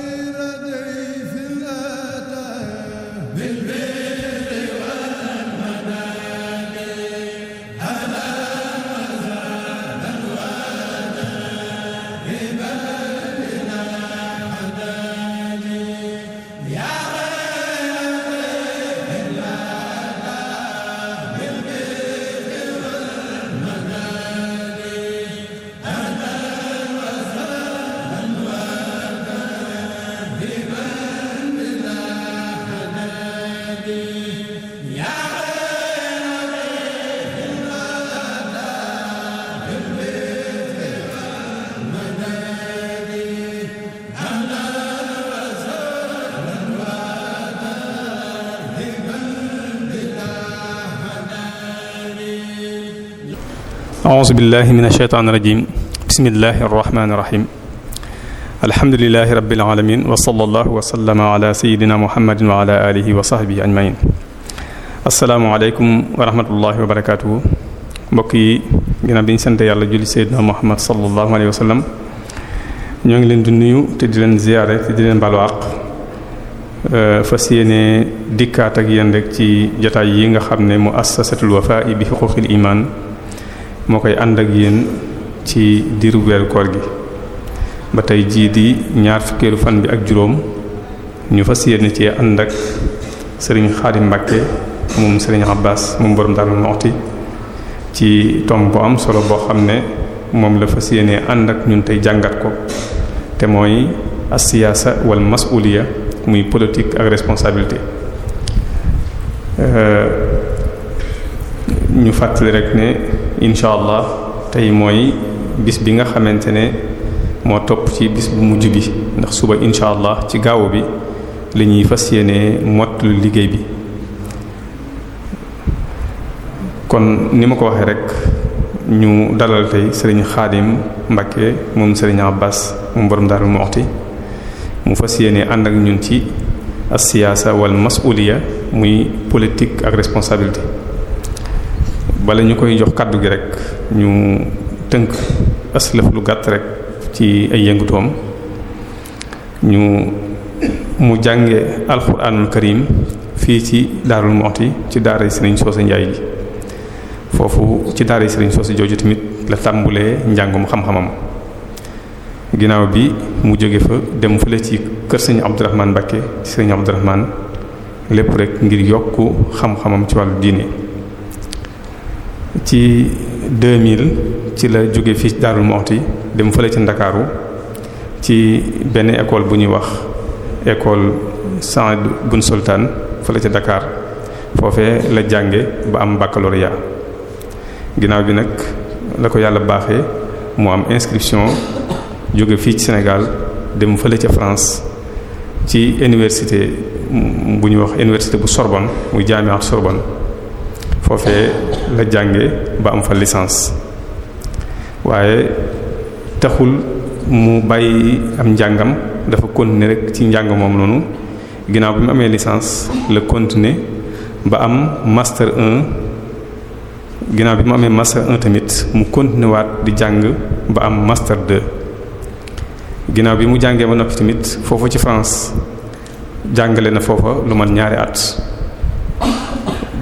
خير دين aus billahi min asheytaan irajim bismillahi arrahmani irahim alhamdulilahi rabbil alamin wa sallallahu wa sallama ala sayidina muhammadin wa ala alihi wa sahbihi ajmain asalaamualeykum wa rahmatullahi wa barakatuhu mbokk yi ginnaaw bi ñu sant yàlla julli sayidina muhammad sallallahu alayhi wa sallam ñoo ngi leen di nuyu te di leen ziyaare te di leen balu àq euh, fas yéene dikkaat ak yéen rek ci jotaay yi nga xam ne muassasatul wafa'i bi xuquqil iman moo koy ànd ak yéen ci diiru weeru koor gi ba tey jii di ñaar fukkeelu fan bi ak juróom ñu fas yéene ci ànd ak sëriñ Xaadim Mbàkke moom sëriñ Abbas moom borom Daaru Muxti ci tomb bu am solo boo xam ne moom la fas yéene ànd ak ñun tey jàngat ko te mooy as-siyaasa wal mas'uliya muy politique ak responsabilité euh, ñu fàttali rek ne incha allah tey mooy bis bi nga xamante ne moo topp ci bis bu mujj bi ndax suba incha allah ci gaaw bi li ñuy fas yéene mottlu liggéey bi kon ni ma ko waxee rek ñu dalal tey sëriñ xaadim Mbakke moom sëriñ Abbas moom borom Darou Moukhty mu fas yéene ànd ak ñun ci as siyaasa mas mas'uliya muy politique ak responsabilité bala ñu koy jox kàddu gi rek ñu tënk aslaf lu gàtt rek ci ay yëngutoom ñu mu jànge alxuraanul karim fii ci daarul Muxti ci daara Serigne Socé Ndiaye ji foofu ci daara Serigne Socé jooju tamit la tàmbulee njàngum xam-xamam ginnaaw bi mu jóge fa dem fële ci kër sëñ Abdourahmane Mbacké sëñ Abdourahmane lépp rek ngir yokk xam-xamam ci wàllu diine ci 2000 ci la jóge fii Darou Moukhty dem fële ci Ndakaaru ci benn école bu ñuy wax école Saad Bun Sultan fële ci ndakaar foofee la jànge ba am baccalauréat ginnaaw bi nag la ko yàlla baaxe mu am inscription jóge fii ci Sénégal dem fële ca France ci université bu ñuy wax université bu Sorbonne muy jaami ak Sorbonne foofee la jànge ba am fa licence waaye taxul mu bàyyi am njàngam dafa continuer rek ci njàng moom noonu ginnaaw bi mu amee licence la continuer ba am master 1 ginnaaw bi mu amee master 1 tamit mu continuer waat di jàng ba am master 2 ginnaaw bi mu jàngee ba noppi tamit foofa ci France jàngale na foofa lu man ñaari at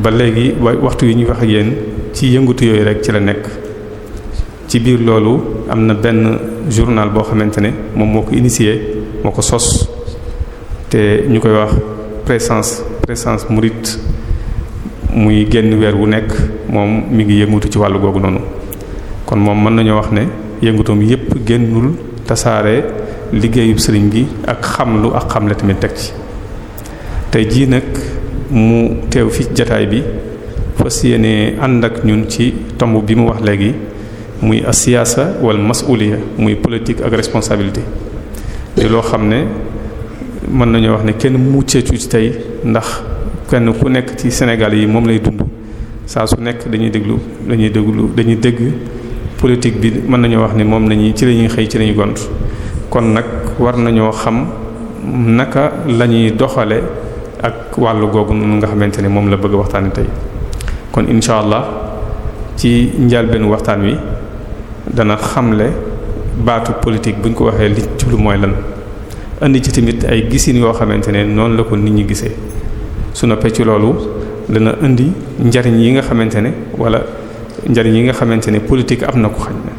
ba léegi waxtu yi ñuy wax ak yéen ci yëngutu yooyu rek ci la nekk ci biir loolu am na benn journal boo xamante ne moom moo ko initié moo ko sos te ñu koy wax présence présence mouride muy génn weer wu nekk moom mu ngi yëngutu ci wàllu googu noonu kon moom mën nañoo wax ne yëngutoom yépp génnul tasaare liggéeyub sëriñ bi ak xamlu ak xamle tamit teg ci tey jii nag mu teew fii jataay bi fas yéene ànd ak ñun ci tomb bi mu wax léegi muy asiyaasa wal mas'uliya muy politique ak responsabilité di loo xam ne mën nañoo wax ne kenn mucceetu ci tey ndax kenn ku nekk ci Sénégal yi moom lay dund saa su nekk dañuy déglu dañuy déglu dañuy dégg politique bi mën nañoo wax ne moom lañuy ci lañuy xëy ci lañuy gont kon nag war nañoo xam naka lañuy doxale ak wàllu googu noonu nga xamante ne moom la bëgg waxtaane tey kon incha allah ci njëlbéenu waxtaan wi dana xamle baatu politique buñ ko waxee li lu mooy lan indi ci tamit ay gisin yoo xamante ne noonu la ko nit ñi gisee su noppee ci loolu dana indi njariñ yi nga xamante ne wala njariñ yi nga xamante ne politique am na ko xañ na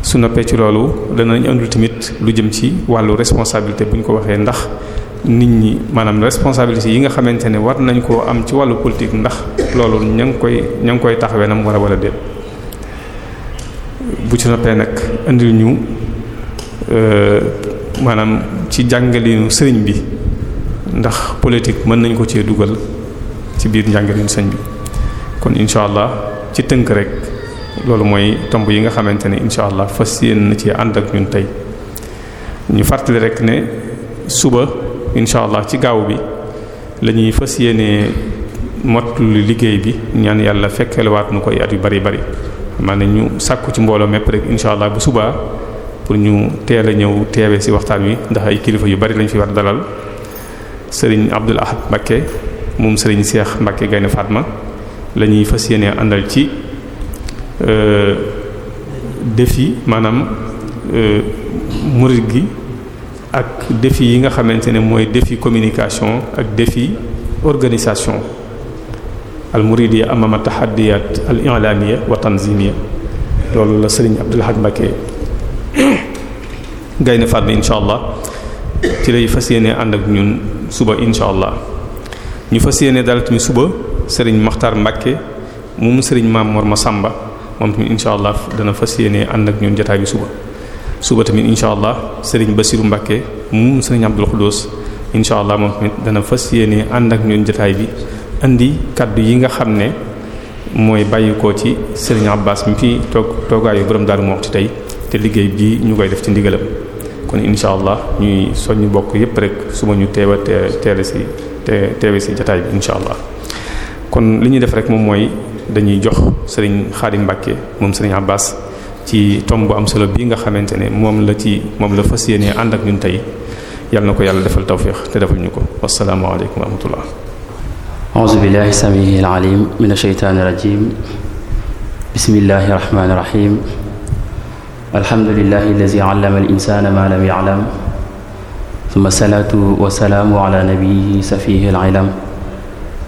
su noppee ci loolu danañ indul tamit lu jëm ci wàllu responsabilité buñ ko waxee ndax nit ñi maanaam responsabilité yi nga xamante ne war nañ koo am ci wàllu politique ndax loolu ña ngi koy ña ngi koy taxawee nam war a wala déet bu ci noppee nag indil ñu euh, maanaam ci jàngalinu sëriñ bi ndax politique mën nañ ko cee dugal ci biir njàngalinu sëriñ bi kon incha allah ci tënk rek loolu mooy tomp yi nga xamante ne incha allah fas yéen na ci ànd ak ñun tey ñu fàttali rek ne suba. incha allah ci gaaw bi la ñuy fas yéenee mot lu liggéey bi ñaan yàlla fekkeelewaat nu koy at yu bari bari maanaam ñu sàkku ci mbooloo mepp rek incha allah bu suba pour ñu teel a ñëw teewee si waxtaan wi ndax ay kilifa yu bari lañ fi war dalal sëriñ Abdul Ahad Mbakke moom sëriñ seex Mbakke Gaynde Fatma ma lañuy fas yéenee àndal ci euh, défi maanaam euh, murid gi. ak defi yi nga xamante ne mooy défi communication ak défi organisation al muridiya amama tahaddiyat al i'lamiyya wa tanzimiyya loolu la sëriñ Abdul Hadj Mbacké Gaynde Fatma insha allah ci lay fas yéene ànd ak ñun suba insha allah ñu fas yéene dal tamit suba sëriñ Makhtar Mbacké moom sëriñ Maam Mor Masamba moom tamit insha allah dana fas yéene ànd ak ñun jotaay bi suba suba tamit incha allah Serigne Bassirou Mbacké moom Serigne Abdou Khoudoss incha allah moom tamit dana fas yéene ànd ak ñun jotaay bi indi kàddu yi nga xam ne mooy bàyyi ko ci Serigne Abbas mi fi toog toogaayu borom Darou Moukhty tey te liggéey bi ñu koy def ci ndigalam. kon incha allah ñuy soññ bokk yépp rek suba ñu teewa teele si te teewe si jotaay bi incha allah kon li ñuy def rek moom mooy dañuy jox Serigne Khadim Mbacké moom Serigne Abbas. ci tomb bu am solo bii nga xamante ne moom la ci moom la fas yéenee ànd ak ñun tey yal na ko yàlla defal tawféex te defal ñu ko wasalaamaaleykum wa rahmatullah a'uuzu billahi samiihil aliim mina shaytaani rajiim bismillahi rahmaani rahiim alhamdulillahi allazi allama ma lam ya'lam summa salaatu wa salaamu ala nabiyyihi safiihil ilam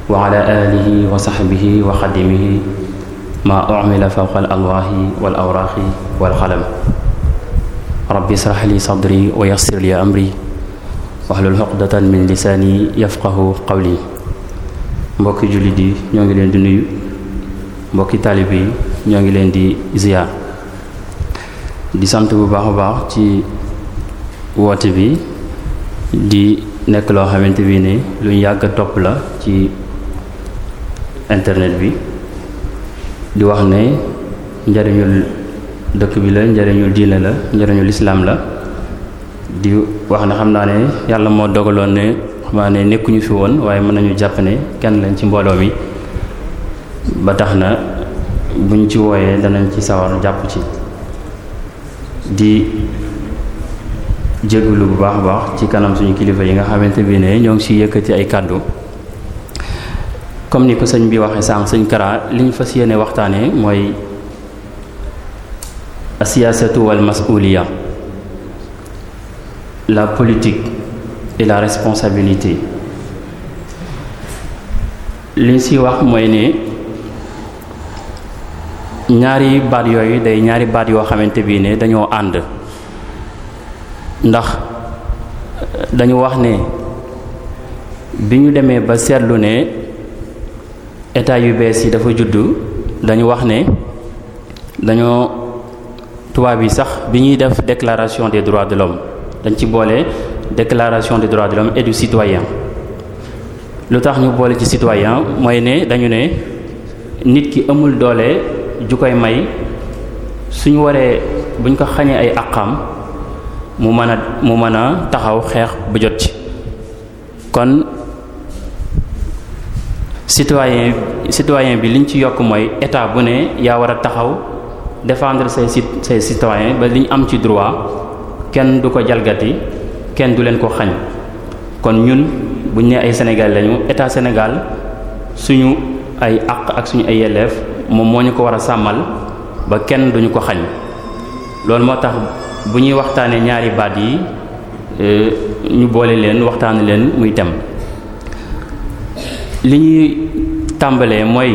wa ala aalihi wa sahbihi wa xadimihi ma umila fawqa alwaahi wal awraaxi wal xalam rabbi israx li sadri wa yassir li amri waxlul xoqdatan min lisaani yafqahu qawli mbokki jullit yi ñoo ngi leen di nuyu mbokki taalib yi ñoo ngi leen di ziyaar di sant bu baax a baax ci woote bi di nekk loo xamante bi ne luñ yàgg topp la ci internet bi di wax ne njariñul dëkk bi la njariñul diine la njariñul islaam la di wax ne xam naa ne yàlla moo dogaloon ne xam naa ne nekkuñu fi woon waaye mën nañu jàpp ne kenn lañ ci mbooloo mi ba tax na buñ ci wooyee danañ ci sawar jàpp ci di jégalu bu baax a baax ci kanam suñu kilifa yi nga xamante bi ne ñoo ngi siy yëkkati ay kàddu comme ni ko sëñ bi waxee sànq sëñ Kara li ñu fas yéene waxtaanee mooy asiyaasatu wal masuuliya la politique et la responsabilité li ñu si wax mooy ne ñaari baat yooyu day ñaari baat yoo xamante bii ne dañoo ànd ndax dañu wax ne bi ñu demee ba seetlu ne. état yu bees yi dafa juddu dañu wax ne dañoo tubaab yi sax bi ñuy def déclaration des droits de l'homme dañ ci boole déclaration de droits de l'homme et du citoyen lu tax ñu boole ci citoyen mooy ne dañu ne nit ki amul doole ju koy may suñu waree buñ ko xañee ay àqam mu mën a mu mën a taxaw xeex bu jot ci kon citoyen citoyen bi liñ ci yokk mooy état bu ne yaa war a taxaw défendre say say citoyen ba liñ am ci droit kenn du ko jalgati kenn du leen ko xañ kon ñun buñ ne ay Sénégal lañu état Sénégal suñu ay àq ak suñu ay yelleef moom moo ñu ko war a sàmmal ba kenn duñu ko xañ loolu moo tax bu ñuy waxtaanee ñaari baat yi euh, ñu boole leen waxtaan leen muy dem li ñuy tàmbalee mooy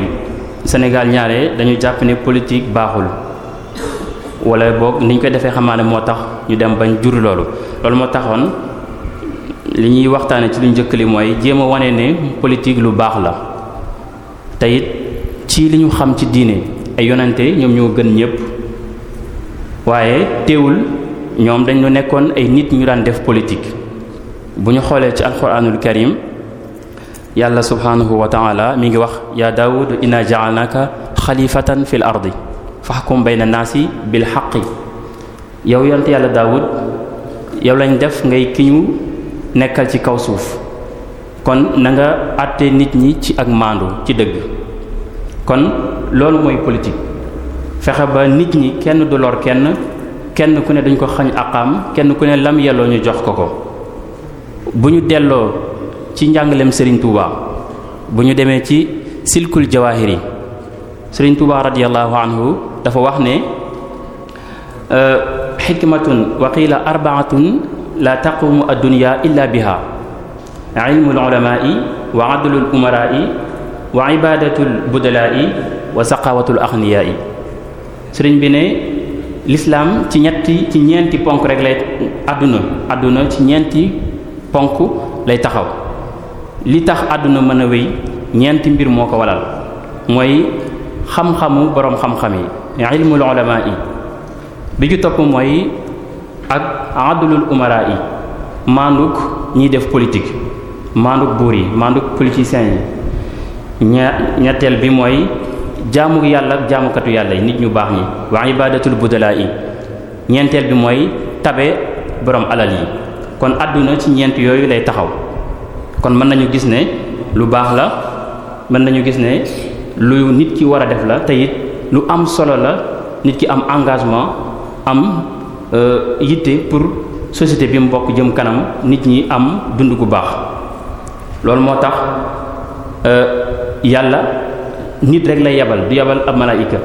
Sénégal ñaare dañu jàpp ne politique baaxul wala boog ni ñu koy defee xamaane moo tax ñu dem bañ jur loolu loolu moo taxoon li ñuy waxtaane ci lu njëkk li mooy jéem a wane ne politique lu baax la te it ci li ñu xam ci diine ay yonante ñoom ñoo gën ñépp waaye teewul ñoom dañu nekkoon ay nit ñu daan def politique bu ñu xoolee ci alxuraanul karim yàlla subhanahu wa taala mi ngi wax ya daawud inna ja'alnaka xalifatan fil ardi fahkum bayna naasi bil haqqi yow yonte yàlla daawud yow lañ def ngay ki ñu nekkal ci kaw suuf kon nanga nga àtte nit ñi ci ak maandu ci dëgg kon loolu mooy politique fexe ba nit ñi kenn du lor kenn kenn ku ne dañ ko xañ aqaam kenn ku ne lam yelloo ñu jox ko ko bu ñu delloo ci njàngaleem Serigne Touba bu ñu demee ci silkul jawahir yi Serigne Touba radiyallahu anhu dafa wax ne xikmatun euh, wa qiila arbaatun la taqumu addunya illa biha ilmul ulamaai wa adlul umaraai wa ibadatul budalaai wa saqawatul axniyaai sëriñ bi ne lislaam ci ñetti ci ñeenti ponk rek lay àdduna àdduna ci ñeenti ponk lay taxaw li tax àdduna mën a wéy ñeenti mbir moo ko walal mooy xam-xamu boroom xam-xam yi ilmul ulama yi bi ju topp mooy ak adlul umara yi maanduk ñiy def politique maanduk buur yi maanduk politiciens yi ña ñetteel bi mooy jaamu yàlla ak jaamukatu yàlla yi nit ñu baax ñi wa ibadatul budala yi ñeenteel bi mooy tabe boroom alal yi kon àdduna ci ñeent yooyu lay taxaw kon mën nañu gis ne lu baax la mën nañu gis ne lu nit ki war a def la te lu am solo la nit ki am engagement am euh, yitte pour société bi mu bokk jëm kanam nit ñi am dund gu baax loolu moo tax euh, yàlla nit rek lay yabal du yabal ab malaayika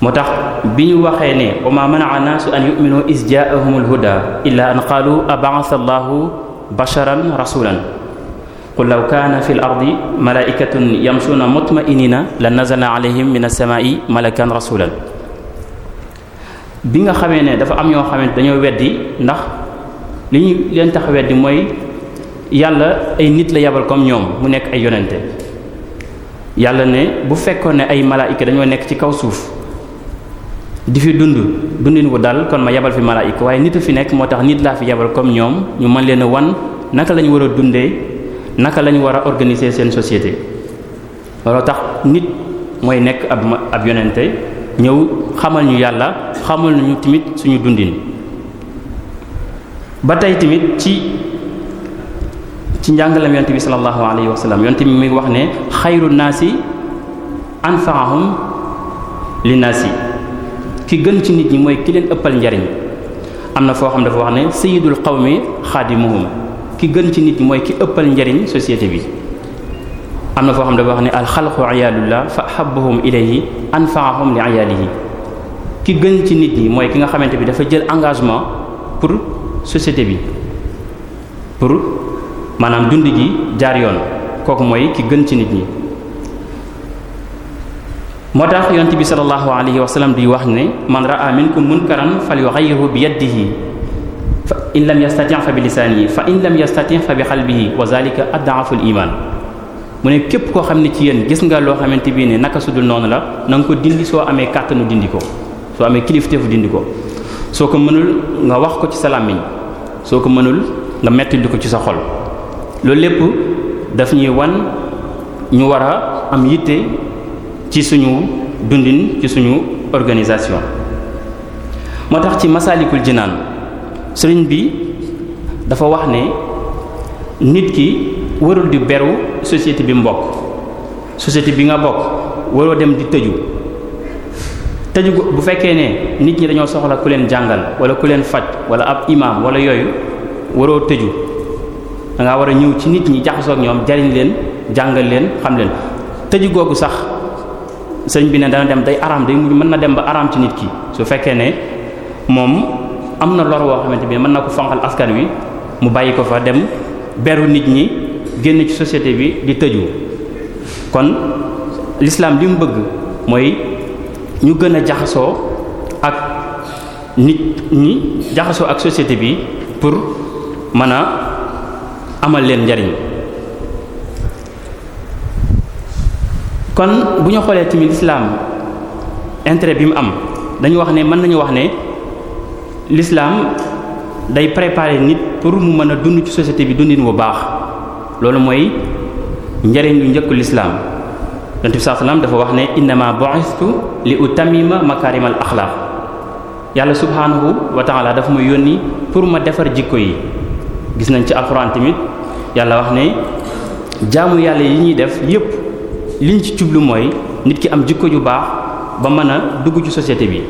moo tax bi ñu waxee ne wa ma manaa naasu an yuminu is jaahumul huda illa an qaalu abasa allahu basharan rasulan qul law kaana fi l ardi malaikatun yamshuuna mutma'inina la nazala alayhim min as-samaa'i malakan rasulan bi nga xamee ne dafa am ñoo xamante dañoo weddi ndax li ñu leen tax weddi mooy yàlla ay nit la yabal comme ñoom mu nekk ay yonente yàlla ne bu fekkoon ne ay malaayika dañoo nekk ci kaw suuf di fi dund dundin wu dal kon ma yebal fi malaayika waaye nit a fi nekk moo tax nit laa fi yebal comme ñoom ñu man leen a wan naka lañu ñu war a dundee naka lañu ñu war a organiser seen société looloo tax nit mooy nekk ab ab yonente ñëw xamal ñu yàlla xamal ñu tamit suñu dundin ba tey tamit ci ci njàngalam yonte bi sallallahu alayhi wa sallam yonte bi mi wax ne xayru naasi anfaahum li naasi ki gën ci nit ñi mooy ki leen ëppal njariñ am na foo xam dafa wax ne sayyidul qawmi xaadimuhum ki gën ci nit ñi mooy ki ëppal njariñ société bi am na foo xam dafa wax ne alxalqu ayaalullah fa ahabbuhum ilayhi anfaahum li ayaalihi ki gën ci nit ñi mooy ki nga xamante bi dafa jël engagement pour société bi pour maanaam dund gi jaar yoon kooku mooy ki gën ci nit ñi moo tax yonent bi sallallahu alayhi wa sallam di wax ne man ra'a minkum munkaran falyughayyirhu bi yadihi fa in lam yastati' fa bi lisanihi fa in lam yastati' fa bi qalbihi bi zalika ad'afu al-iman mu ne képp koo xam ne ci yéen gis nga loo xamante bi ne naka sudul noonu la na nga ko dindi soo amee kàttanu dindi ko soo amee kilifteefu dindi ko soo ko mënul nga wax ko ci sa làmmiñ soo ko mënul nga metti di ko ci sa xol loolu lépp daf ñuy wan ñu war a am yitte ci suñu dundin ci suñu organisation moo tax ci masaalikul jinaan sëriñ bi dafa wax ne nit ki warul di beru société bi mbokk bokk bi nga bokk waroo dem di tëju tëju bu fekkee ne nit ñi dañoo soxla ku leen jàngal wala ku leen faj wala ab imam wala yooyu waroo tëju da war a ñëw ci nit ñi jaxasoo ñoom jariñ leen jàngal leen xam leen tëju googu sax sëñ bi ne dana dem day araam day mujj mën na dem ba araam ci nit ki su fekkee ne moom am na lor woo xamante bi mën na ko fanqal askan wi mu bàyyi ko fa dem beru nit ñi génn ci société bi di tëju kon l'islam li mu bëgg mooy ñu gën a jaxasoo ak nit ñi jaxasoo ak société bi pour mën a amal leen njariñ kon bu ñu xolee tamit l'islam intérêt bi mu am dañu wax ne mën nañu wax ne lislaam day préparer nit pour mu mën a dund ci société bi dundin bu baax loolu mooy njëriñ lu njëkk lislaam yonent bi sallallahu dafa wax ne innama bu'istu li utammima makarimal axlaa yàlla subhanahu wa ta'ala dafa ma yónni pour ma defar jikko yi gis nañ ci alxuraan tamit yàlla wax ne jaamu yàlla yi ñuy def yépp liñ ci jublu mooy nit ki am jikko ju baax ba mën a dugg ci société bi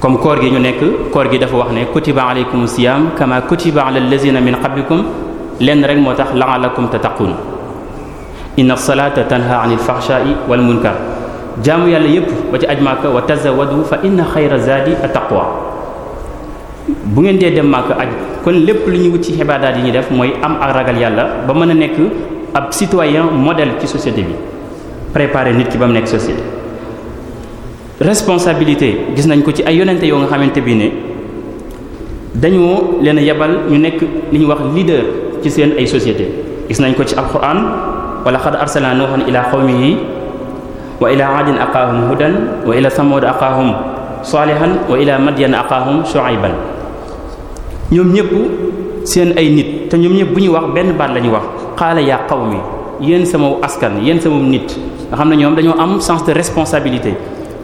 comme koor gi ñu nekk koor gi dafa wax ne kutiba alaykum siyam kama kutiba ala allazina min qablikum lenn rek moo tax la'allakum tattaqun inna salata tanha anil fahsha'i wal munkar jaamu yàlla yépp ba ci aj màkka wa tazawadu fa inna xayra zadi at-taqwa bu ngeen dee dem màkka aj kon lépp lu ñu wut ci xibaadaat yi ñuy def mooy am ak ragal yàlla ba mën a nekk ab citoyen modèle ci société bi préparer nit ki ba mu nekk société responsabilité gis nañ ko ci ay yonente yoo nga xamante bi ne dañoo leen yebal ñu nekk li ñu wax lider ci seen ay société gis nañ ko ci alquran wala xad arsalna nuuhan ila qawmihi wa ila aadin aqaahum hudan wa ila samud aqaahum salihan wa ila madyan aqaahum shuayban ñoom ñëpp seen ay nit te ñoom ñëpp bu ñuy wax benn baat la ñuy wax xaala yaa mi yéen sama askan yéen sama nit nga xam ne ñoom dañoo am sens de responsabilité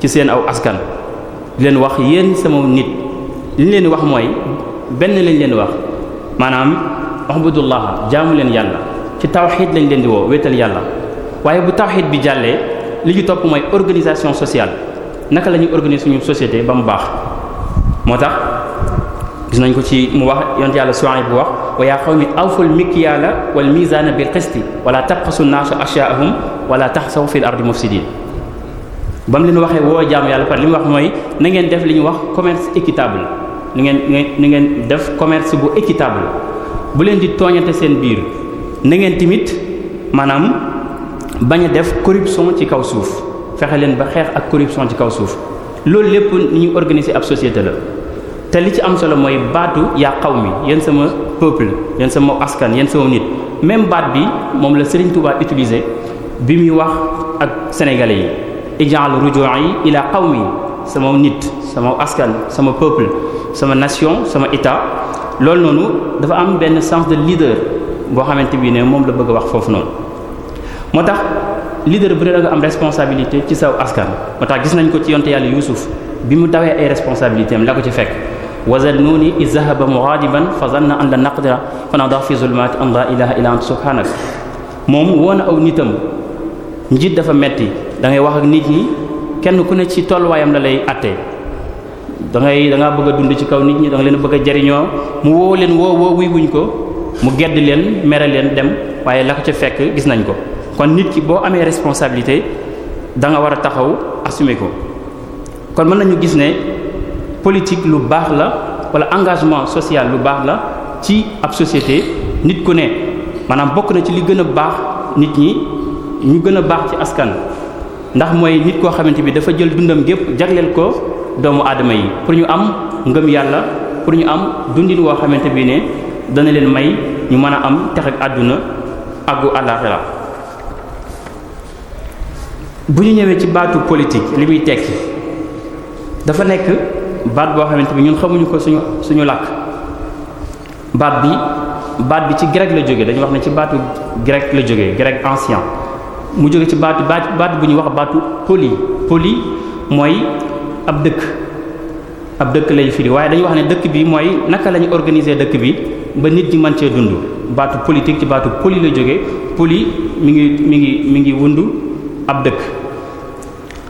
ci seen aw askan di leen wax yéen sama nit li ñu leen wax mooy benn lañ leen wax maanaam ahmadullah jaamu leen yàlla ci tawxid lañ leen di woo wéetal yàlla waaye bu tawxid bi jàllee li ñu topp mooy organisation sociale naka lañu ñuy organiser suñu société ba mu baax moo tax gis nañ ko ci mu wax yonent yàlla Suwayb bu wax wa yaa qawmi awful mikyaala wal miizaana bil qisti wala tabxasu naasa ashyaahum wala taxsaw fil ardi mufsidin ba mu leen waxee woo jaamu yàlla par li mu wax mooy na ngeen def li ñu wax commerce équitable nu ngeen nu ngeen def commerce bu équitable bu leen di tooñante seen biir na ngeen tamit maanaam bañ def corruption ci kaw suuf fexe leen ba xeex ak corruption ci kaw suuf loolu lépp ni ñu organiser ab société la te li ci am solo mooy baatu yaa xaw mi yéen sama peuple yéen sama askan yéen sama nit même baat bi moom la Serigne Touba utilisé bi muy wax ak sénégalais yi ijal ruju'i ila mi sama nit sama askan sama peuple sama nation sama état loolu noonu dafa am benn sens de leader boo xamante bi ne moom la bëgg a wax foofu noonu moo tax leader bu ne da nga am responsabilité ci saw askan moo tax gis nañ ko ci yonte yàlla Yuusuf bi mu dawee ay responsabilités am la ko ci fekk wa zannuni iz zahaba mughadiban fa zanna an la naqdira fa nada fi zulmaati an la moom woon aw nitam njiit dafa metti dangay wax ak nit ñi kenn ku ne ci tolluwaayam la lay attee dangay danga da bëgg a dund ci kaw nit ñi da leen bëgg jariñoo mu woo leen woo woo wuy wuñ ko mu gedd leen mere leen dem waaye la ko ca fekk gis nañ ko kon nit ki boo amee responsabilité da nga war a taxaw assumer ko kon mën nañu gis ne politique lu baax la wala engagement social lu baax la ci ab société nit ku ne maanaam bokk na ci li gën a baax nit ñi ñu gën a baax ci askan ndax mooy nit koo xamante bi dafa jël dundam gépp jagleel ko doomu aadama yi pour ñu am ngëm yàlla pour ñu am dundin woo xamante bi ne dana leen may ñu mën a am tex ak àdduna àggu àllaaxira bu ñu ñëwee ci baatu politique li muy tekki dafa nekk baat boo xamante bi ñun xamuñu ko suñu suñu làkk baat bi baat bi ci grec la jóge dañu wax ne ci baatu grec la jógee grec ancien mu jóge ci baatu baat baat bu ñuy wax baatu poli poli mooy ab dëkk ab dëkk lay firi waaye dañu wax ne dëkk bi mooy naka la ñu organiser dëkk bi ba nit ñi mën cee dund baatu politique ci baatu poli la jógee poli mi ngi mi ngi mi ngi wundu ab dëkk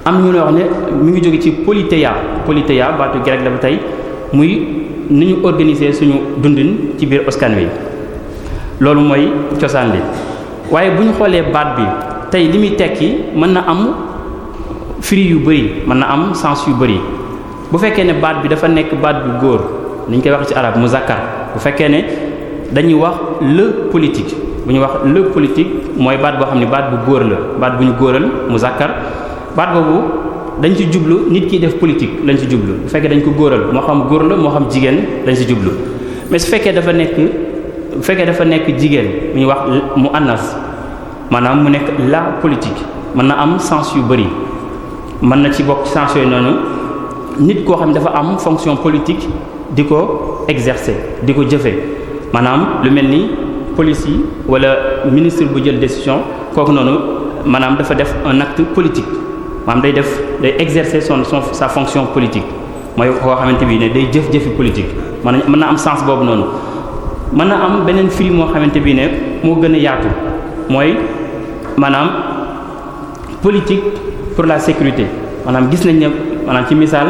am na ñu wax ne mu ngi jóge ci politéia politéia baatu grec la ba tey muy ni ñu organiser suñu dundin ci biir askan wi loolu mooy cosaan li waaye bu ñu xoolee baat bi tey li muy tekki mën na am firi yu bëri mën na am sens yu bëri bu fekkee ne baat bi dafa nekk baat bu góor ni koy wax ci arab muzakkar bu fekkee ne dañuy wax le politique bu ñuy wax le politique mooy baat boo xam ne baat bu góor la baat bu ñu góoral muzakkar baat boobu dañ ci jublu nit kiy def politique lañ ci jublu bu fekkee dañ ko góoral moo xam góor moo xam jigéen lañ ci jublu mais su fekkee dafa nekk bu fekkee dafa nekk jigéen muy wax mu annas maanaam mu nekk la politique mën na am sens yu bari mën na ci bokk sens yooyu noonu nit koo xam ne dafa am fonction politique di ko exercer di ko jëfee maanaam lu mel ni police yi wala ministre bu jël décision kooku noonu maanaam dafa def un acte politique maanaam day def day exercer son son sa fonction politique mooy koo xamante bii ne day jëf-jëfi politique man mën na am sens boobu noonu mën na am beneen firi moo xamante bii ne moo gën a yaatu mooy maanaam politique pour la sécurité maanaam gis nañ ne manaam ci misaal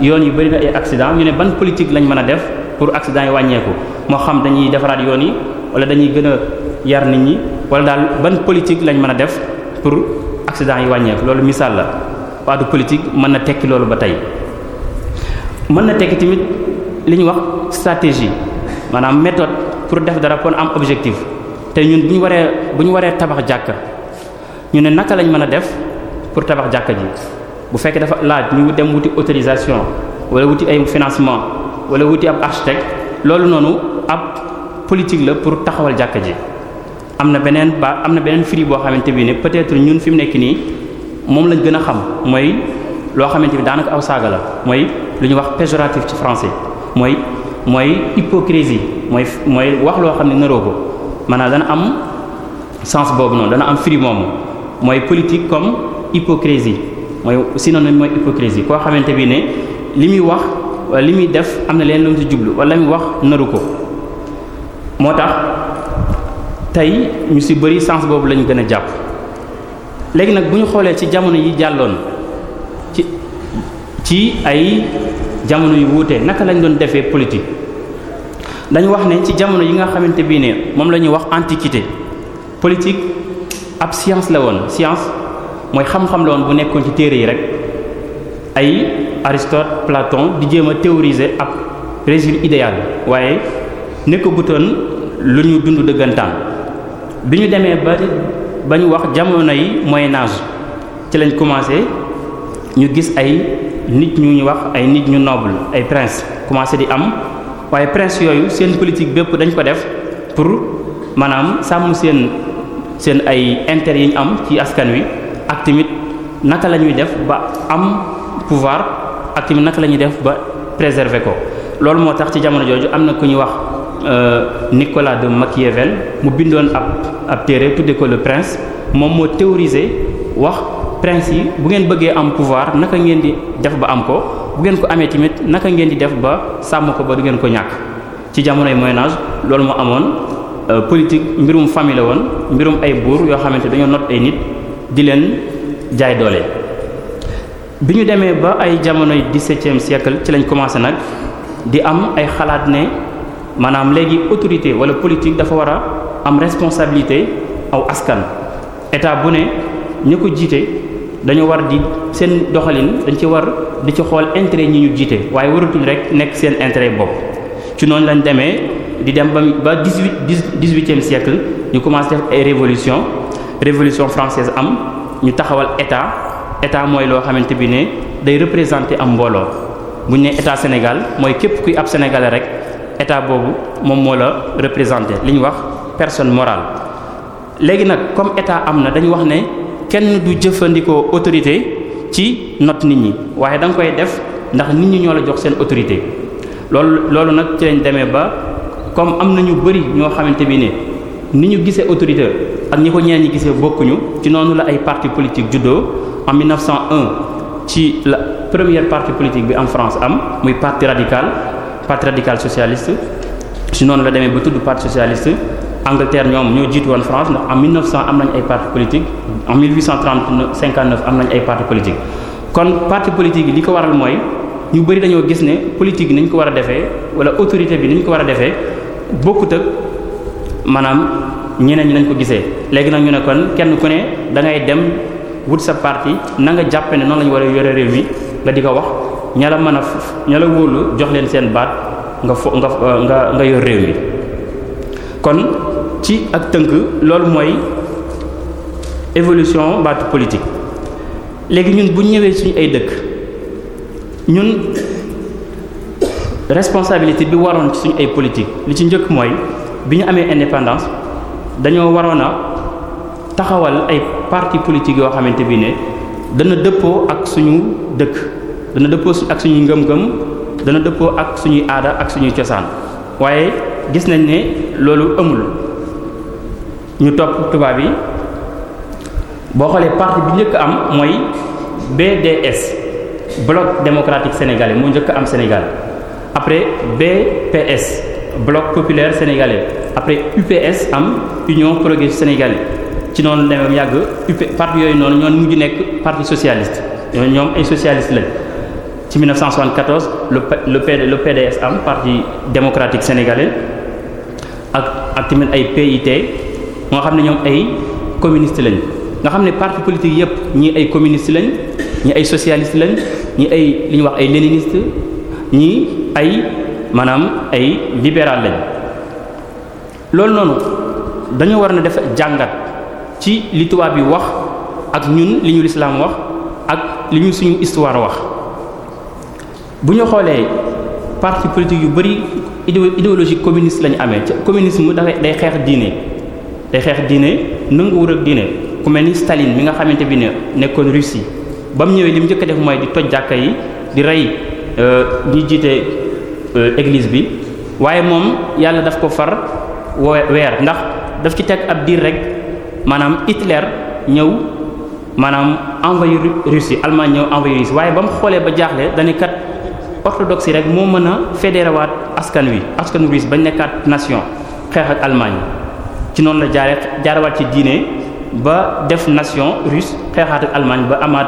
yoon yi bari na ay accident ñu ne ban politique lañ mën a def pour accident yi wàññeeku moo xam dañuy defaraat yoon yi wala dañuy gën a yar nit ñi wala daal ban politique lañ mën a def pour accident yi wàññeeku loolu misaal la waadu politique mën na tekki loolu ba tey mën na tekki tamit li ñu wax stratégie maanaam méthode pour def dara pour am objectif te ñun bu ñu waree bu ñu waree tabax jàkka ñu ne naka lañ mën a def pour tabax jàkka ji bu fekkee dafa laaj ñu dem wuti autorisation wala wuti ay financement wala wuti ab architecte loolu noonu ab politique la pour taxawal jàkka ji am na beneen ba am na beneen firi boo xamante bi ne peut-être ñun fi mu nekk nii moom lañ gën a xam mooy loo xamante bi daanaka aw saaga la mooy lu ñuy wax péjoratif ci français mooy mooy hypocrisie mooy mooy wax loo xam ne naroo ko maanaam dana am sens boobu noonu dana am frie moomu mooy politique comme hypocrisie mooy synonyme mooy hypocrisie koo xamante bi ne li muy wax li muy def am na leen lu mu ci jublu wala li muy wax naru ko moo tax tey ñu ci bëri sens boobu lañu gën a jàpp léegi nag bu ñu xoolee ci jamono yi jàlloon ci ci ay jamono yu wuute naka lañ doon defee politique dañu wax ne ci jamono yi nga xamante bii ne moom la ñuy wax antiquité politique ab science la woon science mooy xam-xam la woon bu nekkoon ci téere yi rek ay Aristote Platon di jéem a théoriser ab régime idéal waaye nekkagutoon lu ñu dund dëggantaan. bi ñu demee ba ba ñu wax jamono yi moyen ci lañ commencé ñu gis ay nit ñu ñu wax ay nit ñu noble ay prince commencé di am waaye prince yooyu seen politique bépp dañ ko def pour maanaam sàmm seen seen ay intérêt yi ñu am ci askan wi ak tamit naka la ñuy def ba am pouvoir ak tamit naka la ñuy def ba préserver ko loolu moo tax ci jamono jooju am na ku ñu wax Euh, Nicolas de Machiavel mu bindoon ab ab téere tudde ko le prince moom moo théorisé wax prince yi bu ngeen bëggee am pouvoir naka ngeen di def ba am ko bu ngeen ko amee tamit naka ngeen di def ba sàmm ko ba du ngeen ko ñàkk ci jamonoy Moyen loolu moo amoon euh, politique mbirum famille woon mbirum ay buur yoo xamante dañoo not ay nit di leen jaay doole bi ñu demee ba ay jamonoy dix-septième siècle ci lañ commencé nag di am ay xalaat ne maanaam léegi autorité wala politique dafa war a am responsabilité aw askan état bu ne ña ko jiite dañu war di seen doxalin dañ ci war di ci xool intérêt ñi ñu jiite waaye waratuñ rek nekk seen intérêt bopp ci noonu lañ demee di dem ba ba dix-huit dix-huitième ñu commencé ay révolution révolution française am ñu taxawal état état mooy loo xamante bi ne day représenter am mbooloo bu ñu nee état Sénégal mooy képp kuy ab sénégalais rek état boobu moom moo la représenté li ñu wax personne morale. léegi nag comme état am na dañu wax ne kenn du jëfandikoo autorité ci not nit ñi waaye da koy def ndax nit ñi ñoo la jox seen autorité loolu loolu nag ci lañ demee ba comme am na ñu bari ñoo xamante bi ne ni ñu gisee autorité ak ñi ko ñeen ñi gisee bokkuñu ci noonu la ay parti politique juddoo en ci la première parti politique bi en France am muy parti radical parti radical socialiste si noonu la demee ba tudd parti socialiste Angleterre ñoom ñoo jiitu woon France ndax en 1900 am nañ ay parti politique en 1830 59 am nañ ay parti politique kon parti politique yi li ko waral mooy ñu bari dañoo gis ne politique yi ni ñu ko war a defee wala autorité bi ni ñu ko war a defee bokkut ak maanaam ñeneen ñi nañ ko gisee léegi nag ñu ne kon kenn ku ne da ngay dem wut sa parti na nga jàppe ne noonu la war a yore réew mi nga di ko wax ña la mën a ña la wóolu jox leen seen baat nga fo nga euh, nga nga yor réew mi kon ci ak tënk loolu mooy évolution baatu politique léegi ñun bu ñëwee suñu ay dëkk ñun responsabilité bi waroon ci suñu ay politique li ci njëkk mooy bi ñu amee indépendance dañoo waroon a taxawal ay parti politique yoo xamante bi ne dana dëppoo ak suñu dëkk dana dëppoo ak suñuy ngëm-ngëm dana dëppoo ak suñuy aada ak suñuy cosaan waaye gis nañ ne loolu amul ñu topp tubaab yi boo xoolee parti bi njëkk am mooy BDS bloc démocratique sénégalais moo njëkk am Sénégal après BPS bloc populaire sénégalais après UPS am union progressiste sénégalaise ci noonu demee yàgg UP parti yooyu noonu ñoon mujj nekk parti socialiste ñoom ay socialiste lañ ci 1974 le le PD le PDS am parti démocratique sénégalais ak ak tamit ay PIT nga xam ne ñoom ay communiste lañ nga xam ne parti politique yépp ñii ay communiste lañ ñii ay socialiste lañ ñii ay li ñuy wax ay léniniste ñii ay maanaam ay libéral lañ loolu noonu dañoo war na def jàngat ci li tubaab bi wax ak ñun li ñu lislaam wax ak li ñu suñu histoire wax bu ñu xoolee parti politique yu bëri idéologie communiste lañu amee ca mu dafay day xeex diine day xeex diine nanguwul ak diine ku mel ni Staline mi nga xamante bi ne nekkoon Russie ba mu ñëwee li mu jëkk def mooy di toj jàkka yi di rey euh, ñi jiite euh, église bi waaye moom yàlla daf ko far weer ndax daf ci teg ab diir rek maanaam Hitler ñëw maanaam envoyé Russie Allemagne ñëw envoyé Russie waaye ba mu xoolee ba jaaxle dañu kat. orthodoxie rek moo mën a fédéré askan wi askan wi bañ nekkaat nation xeex ak Allemagne ci noonu la jaare jaarewaat ci diine ba def nation russe xeexaat ak Allemagne ba amaat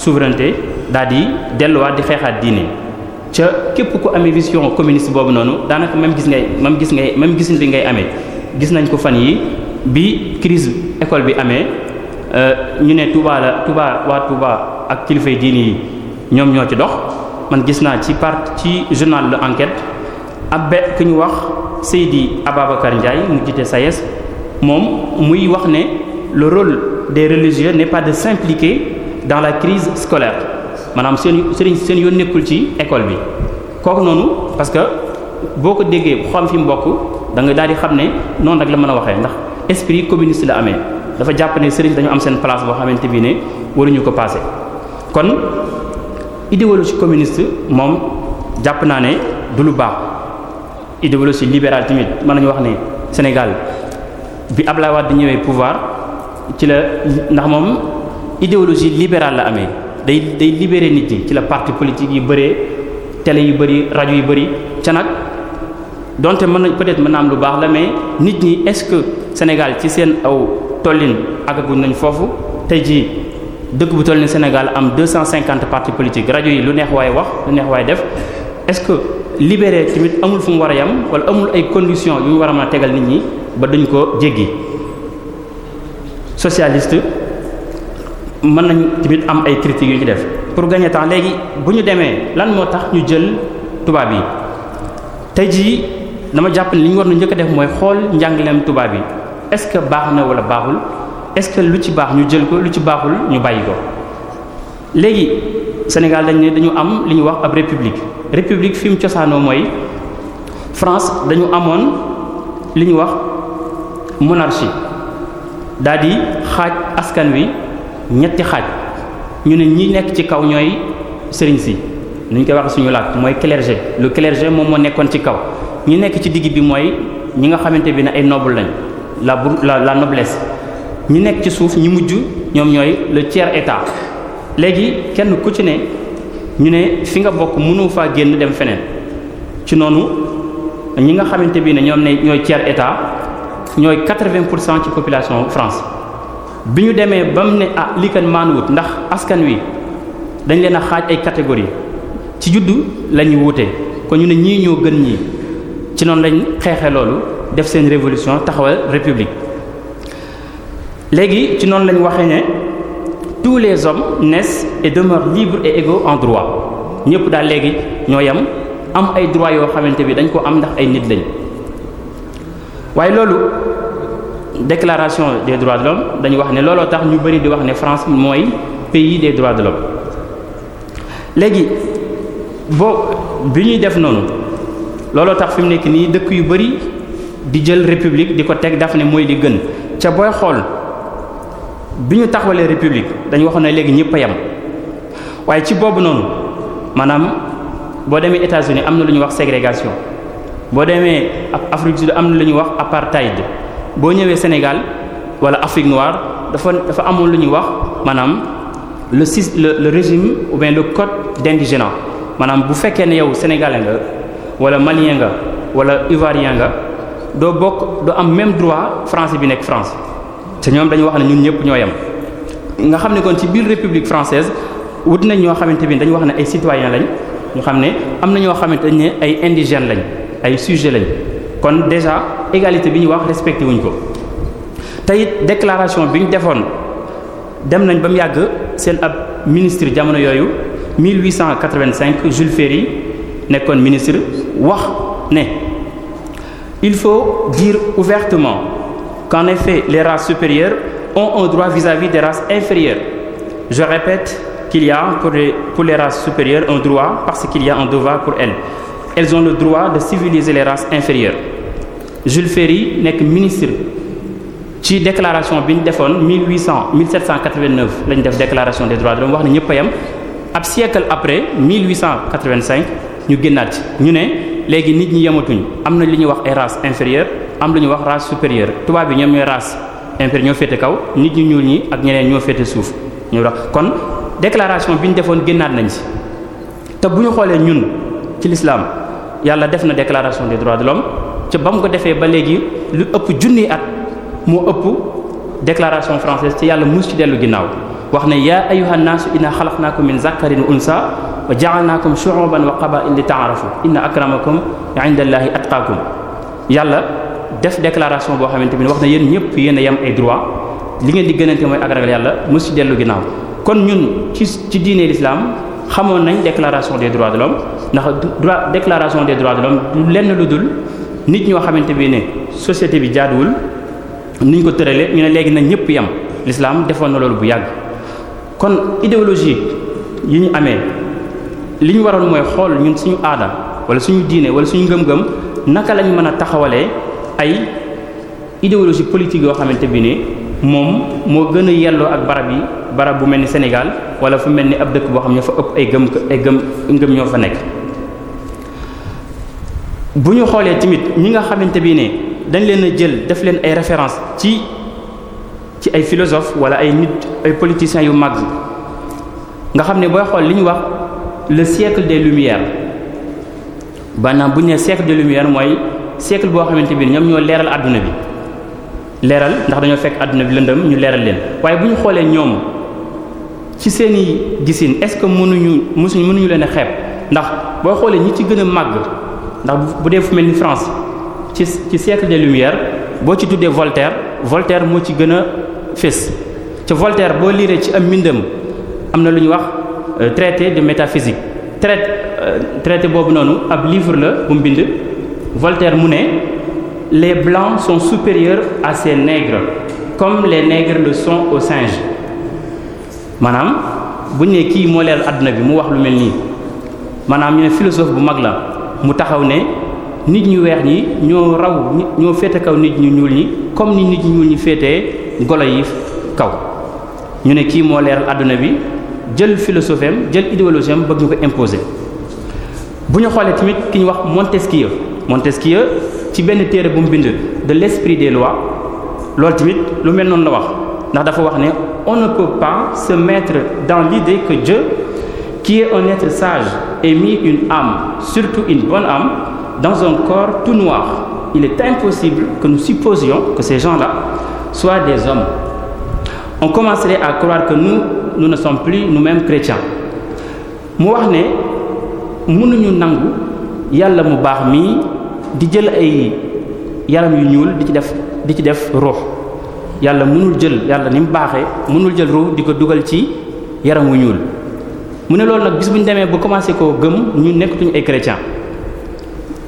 souveraineté daal di delluwaat di xeexaat diine ca képp ku amee vision communiste boobu noonu daanaka même gis ngay même gis ngay même gisin bi ngay amee gis nañ ko fan yi bi crise école bi amee euh, ñu ne tuubaa la Touba waa Touba ak kilifay diine yi ñoom ñoo ci dox man gis naa ci part ci journal le enquête ab be ki ñu wax Seydi Ababacar Ndiaye mu jiite SAES e moom muy wax ne le rôle des religieux n'est pas de s'impliquer dans la crise scolaire maanaam seen seen seen yoon nekkul ci école bi kooku noonu parce que boo ko déggee xam fi mu bokk da nga daal di xam ne noonu ak la mën a waxee ndax esprit communiste la amee dafa jàpp ne sëriñ dañu am seen place boo xamante bi ne waruñu ko passé kon idéologie communiste moom jàpp naa ne du lu baax idéologie libérale tamit mën nañu wax ne Sénégal bi Abdoulaye Wade ñëwee pouvoir ci la ndax moom idéologie libérale la amee day day libérer nit ñi ci la parti politique yu bëree tele yu bëri rajo yi bëri ca nag donte mën na peut-être mën na am lu baax la mais nit ñi est-ce que Sénégal ci seen aw tollin àggaguñ nañ foofu tey jii. dëkk bu toll ni Sénégal am parti partis politiques rajo yi lu neex waay wax lu neex waay def est-ce que libéré tamit amul fu mu war a yam wala amul ay conditions yu ñu war a mën a tegal nit ñi ba duñ ko jéggi socialist mën nañ tamit am ay critiques yu ñu def pour gagner temps léegi bu ñu demee lan moo tax ñu jël tubaab yi tey jii dama jàpp ne li ñu war na njëkk a def mooy xool njàngaleem tubaab yi est-ce que baax na wala baaxul est-ce que lu ci baax ñu jël ko lu ci baaxul ñu bàyyi ko léegi Sénégal dañ ne dañu am li ñu wax ab république république fi mu cosaanoo mooy France dañu amoon li ñu wax monarchie daal xaaj askan wi ñetti xaaj ñu ne ñi nekk ci kaw ñooy sëriñ si ni koy wax suñu laaj mooy clergé lu clergé moom moo nekkoon ci kaw ñi nekk ci digg bi mooy ñi nga xamante bi ne ay noble lañ la la ñi nekk ci suuf ñi mujj ñoom ñooy le tiers état léegi kenn ku ci ne ñu ne fi nga bokk mënu faa génn dem feneen ci noonu ñi nga xamante bi ne ñoom ne ñooy tiers état ñooy quatre-vingts pour cent ci population France bi ñu demee ba mu ne ah lii kan maanuwut ndax askan wi dañ leen a xaaj ay catégories ci juddu la ñuy wuute kon ñu ne ñii ñoo gën ñii ci noonu lañ xeexee loolu def seen révolution taxawal république léegi ci noonu lañ waxee ne tous les hommes naissent et demeurent libres et égaux en droit ñëpp daal léegi ñoo yem am ay droit yoo xamante bi dañ ko am ndax ay nit lañ waaye loolu déclaration des droits de l'homme dañu wax ne looloo tax ñu bari di wax ne France mooy pays des droits de l'homme léegi boo bi ñuy def noonu looloo tax fi mu nekk nii dëkk yu bari di jël république di ko teg daf ne mooy di gën ca booy xool bi ñu taxawalee république dañu waxoon ne léegi ñëpp a waaye ci boobu noonu maanaam boo demee États-Unis am na lu ñuy wax ségrégation boo demee Afrique du Sud am na lu ñuy wax apartheid boo ñëwee Sénégal wala Afrique noire dafa dafa amoon lu ñuy wax maanaam le sys le le régime ou bien le code d'indigénat maanaam bu fekkee ne yow sénégalais nga wala malien nga wala ivoirien nga doo bokk doo am même droit français bi nekk France. te ñoom dañu wax ne ñun ñëpp ñoo yem nga xam ne kon ci biir république française wut nañ ñoo xamante bi dañu wax ne ay citoyen lañ ñu xam ne am na ñoo xamante ne ay indigène lañ ay sujet lañ kon déjà égalité bi ñu wax respecté wuñ ko tey déclaration bi ñu defoon dem nañ ba mu yàgg seen ab ministre jamono yooyu 1885 Jules Ferry nekkoon ministre wax ne il faut dire ouvertement qu'en effet les races supérieures ont un droit vis-à-vis -vis des races inférieures. Je répète qu'il y a pour les, pour pour elles. Elles ont le de civiliser les races inférieures. Jules Ferry nekk ministre ci déclaration bi ñu defoon 1800 1789 lañ def déclaration des droits de l'homme wax ne ñëpp a yem ab siècle après 1885 ñu génnaat ñu ne. léegi nit ñi yematuñ am na li ñuy wax ay race inférieure am lu ñuy wax race supérieure tubaab bi ñoom ñooy race inférieure ñoo féete kaw nit ñu ñuul ñi ak ñeneen ñoo féete suuf ñu wax kon déclaration bi ñu defoon génnaat nañ ci te bu ñu xoolee ñun ci lislaam yàlla def na déclaration des droits de l'homme ca ba mu ko defee ba léegi lu ëpp junni at moo ëpp déclaration française ci yàlla mus ci dellu ginnaaw wax ne yaa ayyuhan naasu inna xalaqnaakum min zakarin unsa wa ja'alnaakum shu'uban wa qabaa'ila li ta'aarafu inna akramakum 'inda Allahi yàlla def déclaration boo xamante ne wax na yéen ñëpp yéen a yem ay droit li ngeen di gënante mooy ak ragal yàlla mu ci dellu ginnaaw kon ñun ci ci diine lislaam xamoon nañ déclaration des droits de l'homme ndax droit déclaration des droits de l'homme lenn lu dul nit ñoo xamante bi ne société bi jaaduwul ni ko tëralee ñu ne léegi nag ñëpp yem lislaam defoon na loolu bu yàgg kon idéologie li ñu waroon mooy xool ñun suñu aada wala suñu diine wala suñu ngëm-ngëm naka lañu mën a taxawalee ay idéologie politique yoo xamante bi ne moom moo gën a yelloo ak barab yi barab bu mel ni Sénégal wala fu mel ni ab dëkk boo xam ne fa ëpp ay gëm ay gëm ngëm ñoo fa nekk bu ñu xoolee tamit ñi nga xamante bi ne dañ leen a jël def leen ay référence ci ci ay philosophe wala ay nit ay politiciens yu mag nga xam ne booy xool li ñu wax le siècle des lumières maanaam bu ñu nee siècle des lumières mooy siècle boo xamante bi ñoom ñoo leeral àdduna bi leeral ndax dañoo fekk àdduna bi lëndam ñu leeral leen waaye bu ñu xoolee ñoom ci seeni gisin est-ce que mënuñu mësuñu mënuñu leen a xeeb ndax boo xoolee ñi ci gën a màgg ndax bu dee fu mel ni France ci ci siècle des boo ci tuddee Voltaire Voltaire moo ci gën a fés ca Voltaire boo liiree ci am mbindam am na lu ñu wax. Euh, traité de métaphysique traité euh, traité boobu noonu ab livre la bu mu bind Voltaire mu ne les blancs sont supérieurs à ces nègres comme les nègres le sont aux singes maanaam bu ñu ne kii moo leer àdduna bi mu wax lu mel nii maanaam ñu ne philosophe bu mag la mu taxaw ne nit ñu weex ñi ñoo raw ñoo féete kaw nit ñu ñuul ñi comme ni nit ñu ñuul ñi féetee golo yi kaw ñu ne kii moo leeral àdduna bi jël philosophie am jël idéologie am bëgg ñu ko imposer bu ñu xoolee tamit ki ñu wax Montesquieu Montesquieu ci benn téere bu mu bind de l'esprit des lois loolu tamit lu mel noonu la wax ndax dafa wax ne on ne peut pas se mettre dans l'idée que Dieu qui est un être sage et mis une âme surtout une bonne âme dans un corps tout noir il est impossible que nous supposions que ces gens-là soient des hommes on commencerait à croire que nous nous ne sommes plus nous-mêmes chrétiens mu wax ne mënuñu nangu yàlla mu baax mii di jël ay yaram yu ñuul di ci def di ci def ruux yàlla mënul jël yàlla ni mu baaxee mënul jël ruux di ko dugal ci yaram wu ñuul mu ne loolu nag bis bu ñu demee ba commencé koo gëm ñu nekkatuñu ay chrétiens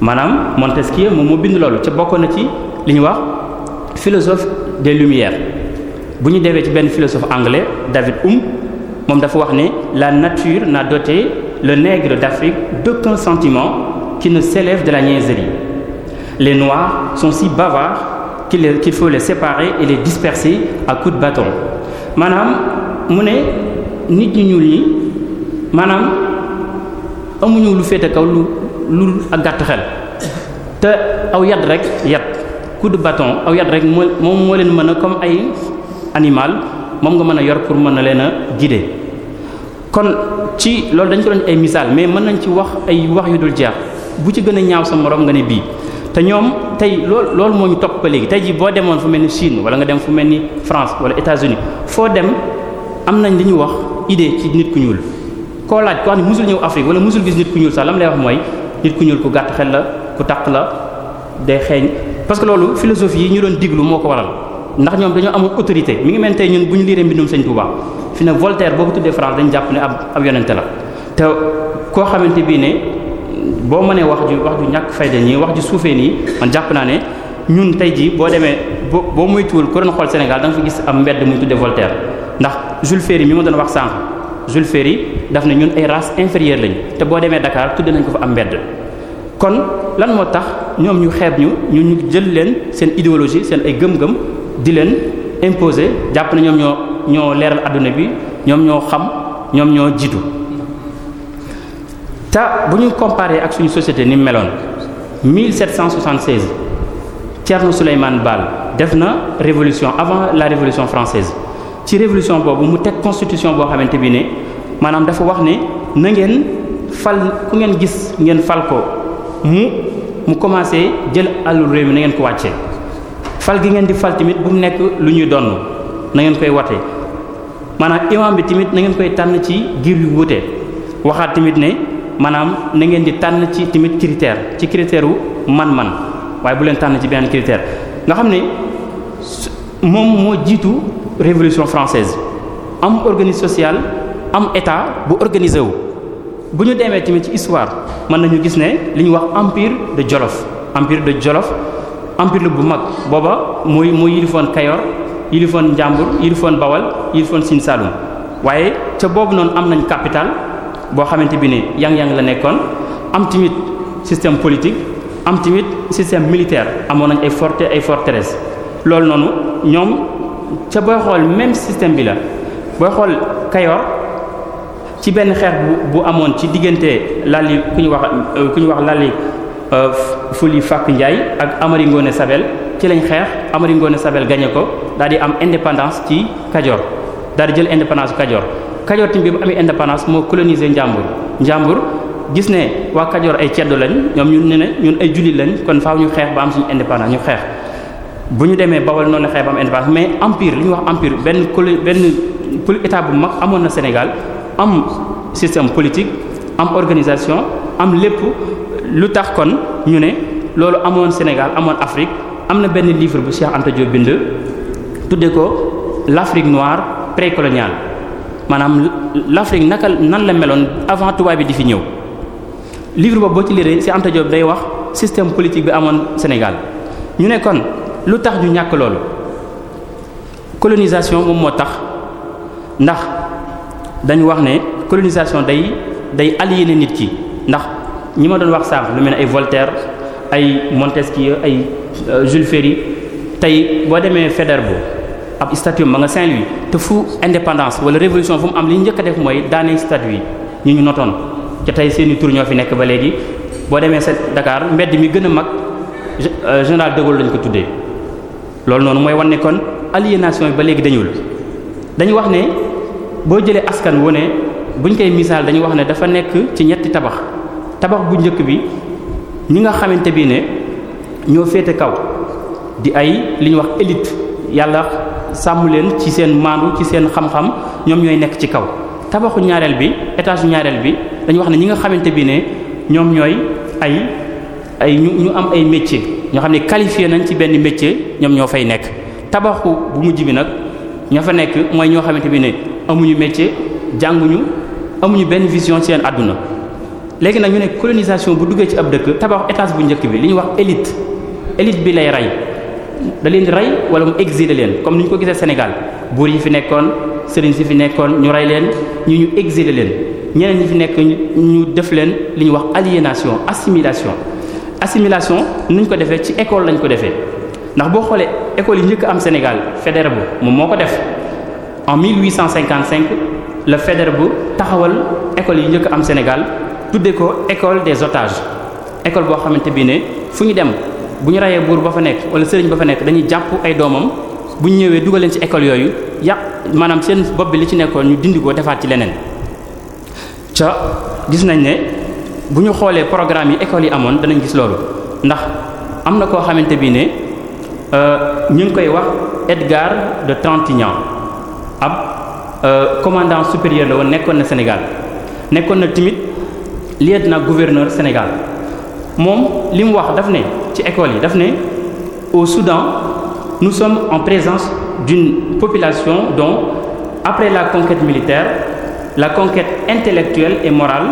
maanaam Montesquieu moom moo bind loolu ca bokk na ci li ñu wax philosophe des lumière bu ñu demee ci benn philosophe anglais David Hume moom dafa wax ne la nature n'a doté le nègre d'Afrique d'aucun sentiment ki ne s'élève de la niaiserie les noirs son si bavards qu'il qu'il faut les séparer et les disperser à coups de bâton maanaam mu ne nit ñu ñuul ñi maanaam amuñu lu féete kaw lu lu ak gàtt xel te aw yat rek yat coup de bâton aw yat rek moo moo leen mën a comme ay animal moom nga mën a yor pour mën a leen a guider kon ci loolu dañ ko doon ay misaal mais mën nañ ci wax ay wax yu dul jeex bu ci gën a ñaaw sa moroom nga ne bii te ñoom tey lool loolu moo ñu topp ba léegi tey jii boo demoon fu mel ni Chine wala nga dem fu mel ni France wala États-Unis foo dem am nañ li ñu wax idée ci nit ku ñuul koo laaj koo wax ne musul ñëw Afrique wala musul gis nit ku ñuul sax lam lay wax mooy nit ku ñuul ku gàtt xel la ku taq la day xeeñ parce que loolu philosophie yi ñu doon diglu moo ko waral ndax ñoom dañoo amoon autorité mi ngi mel tey ñun bu ñu liiree mbindum sëñ Touba fi ne Voltaire boo ko tuddee France dañ jàpp ne ab ab la te koo xamante bii ne boo mënee wax ju wax ju ñàkk fayda ñii wax ju suufee nii man jàpp naa ne ñun tey jii boo demee boo boo moytuwul ku doon xool Sénégal da nga fi gis am mbedd mu ñu tuddee Voltaire ndax Jules Ferry mi ma doon wax sànq Jules Ferry daf ne ñun ay race inférieure lañu te boo demee Dakar tuddee nañ ko fa am mbedd kon lan moo tax ñoom ñu xeeb ñu ñu jël leen seen idéologie seen ay gëm-gëm di leen imposer jàpp ne ñoom ñoo ñoo leeral àdduna bi ñoom ñoo xam ñoom ñoo jiitu te bu ñu comparer ak suñu société ni meloon 1776 Thierno Souleymane Baal def na révolution avant la révolution française ci révolution boobu mu teg constitution boo xamante bi ne maanaam dafa wax ne na fal ku ngeen gis ngeen fal ko mu mu commencé jël àllu réew mi na ngeen ko wàccee fal gi ngeen di fal tamit bu mu nekk lu ñuy donn na ngeen koy watee maanaam imam bi tamit na ngeen koy tànn ci giir yu wuute waxaat tamit ne maanaam na ngeen di tànn ci tamit critère ci critère wu man-man waaye bu leen tànn ci benn critère nga xam ne moom moo jiitu révolution française am organisme social am état bu organisé wu bu ñu demee tamit ci histoire mën nañu gis ne li ñu wax empire de Jolof empire de Jolof ampilu bu mag booba muy muy yilifoon Kayor yilifoon Njàmbur yilifoon Bawal yilifoon Sine waaye ca boobu noonu am nañ capital boo xamante bi ne yang-yang la nekkoon am tamit système politique am tamit système militaire amoon nañ ay forte ay forteresse loolu noonu ñoom ca booy xool même système bi la booy xool Kayor ci benn xeex bu amoon ci diggante lali ku ñu wax ku ñu wax lali Euh, Fuli Fakk Ndiaye ak Amari Ngoone Sabel ci lañ xeex Amari Ngoone Sabel gañe ko daal di am indépendance ci Kajoor daal jël indépendance Kajoor Kajoor tamit bi mu amee indépendance moo colonisé Njambur Njambur gis ne waa Kajoor ay ceddo lañ ñoom ñun ne ñun ay jullit lañ kon faaw ñu xeex ba am suñu indépendance ñu xeex bu ñu demee Bawol noonu xeex ba am indépendance mais empire li ñuy wax empire benn colo benn état bu mag amoon na Sénégal am système politique am organisation am lépp. lu tax kon ñu ne loolu amoon Sénégal amoon Afrique am na benn livre bu Cheikh Anta bind tudde ko l'Afrique noire précoloniale maanaam l'Afrique naka nan la meloon avant tubaab bi di fi ñëw livre boobu boo ci lire Cheikh Anta Diop day wax système politique bi amoon Sénégal ñu ne kon lu tax ñu ñàkk loolu colonisation moom moo tax ndax dañu wax ne colonisation day day aliéner nit ki ndax ñi ma doon wax sànq lu mel ne ay Voltaire ay Montesquieu ay euh, Jules Ferry tey boo demee Faidherbe ab statue ma nga Saint-Louis te fu indépendance wala révolution fu mu am li njëkk a def mooy daane statue yi ñu ñu notoon te tey seen i tur ñoo fi nekk ba léegi boo demee sa Dakar mbedd mi gën a mag euh, général de Gaulle ko tuddee loolu noonu mooy wane kon aliénation yi ba léegi dañul dañu wax ne boo jëlee askan wu ne buñ koy misaal dañu wax ne dafa nekk ci ñetti tabax. tabax bu njëkk bi ñi nga xamante bi ne ñoo féete kaw di ay li ñuy wax élite yàlla sàmm leen ci seen maandu ci seen xam-xam ñoom ñooy nekk ci kaw tabaxu ñaareel bi étage ñaareel bi dañu wax ne ñi nga xamante bi ne ñoom ñooy ay ay ñu ñu am ay métier ñoo xam ne qualifié nañ ci benn métier ñoom ñoo fay nekk tabaxu bu mujj bi nag ñoo fa nekk mooy ñoo xamante bi ne amuñu métier jànguñu amuñu benn vision ci seen àdduna léegi nag ñu ne colonisation bu duggee ci ab dëkk tabax étage bu njëkk bi li ñu wax élite élite bi lay rey da leen rey wala mu exilé leen comme ni ñu ko gisee Sénégal buur yi fi nekkoon sëriñ si fi nekkoon ñu rey leen ñu ñu exilé leen ñeneen ñi fi nekk ñu def leen li ñu wax aliénation assimilation assimilation nuñ ko defee ci école lañ ko defee ndax boo xoolee école yi njëkk am Sénégal bu moom moo ko def en 1855 la bu taxawal école yi njëkk am Sénégal tudde ko école des otages école boo xamante bii ne fu ñu dem bu ñu rayee buur ba fa nekk wala sëriñ ba fa nekk dañuy jàpp ay doomam bu ñu ñëwee dugal leen ci école yooyu yàq maanaam seen bopp bi li ci nekkoon ñu dindi ko defaat ci leneen ca gis nañ ne bu ñu xoolee programme yi école yi amoon danañ gis loolu ndax am na koo xamante bii ne euh, ñu ngi koy wax Edgar de Trentignan ab euh, commandant supérieur la woon nekkoon na Sénégal nekkoon na timit lieutenant gouverneur Sénégal moom li mu wax daf ne ci école yi daf ne au Soudan nous sommes en présence d'une population dont après la conquête militaire la conquête intellectuelle et morale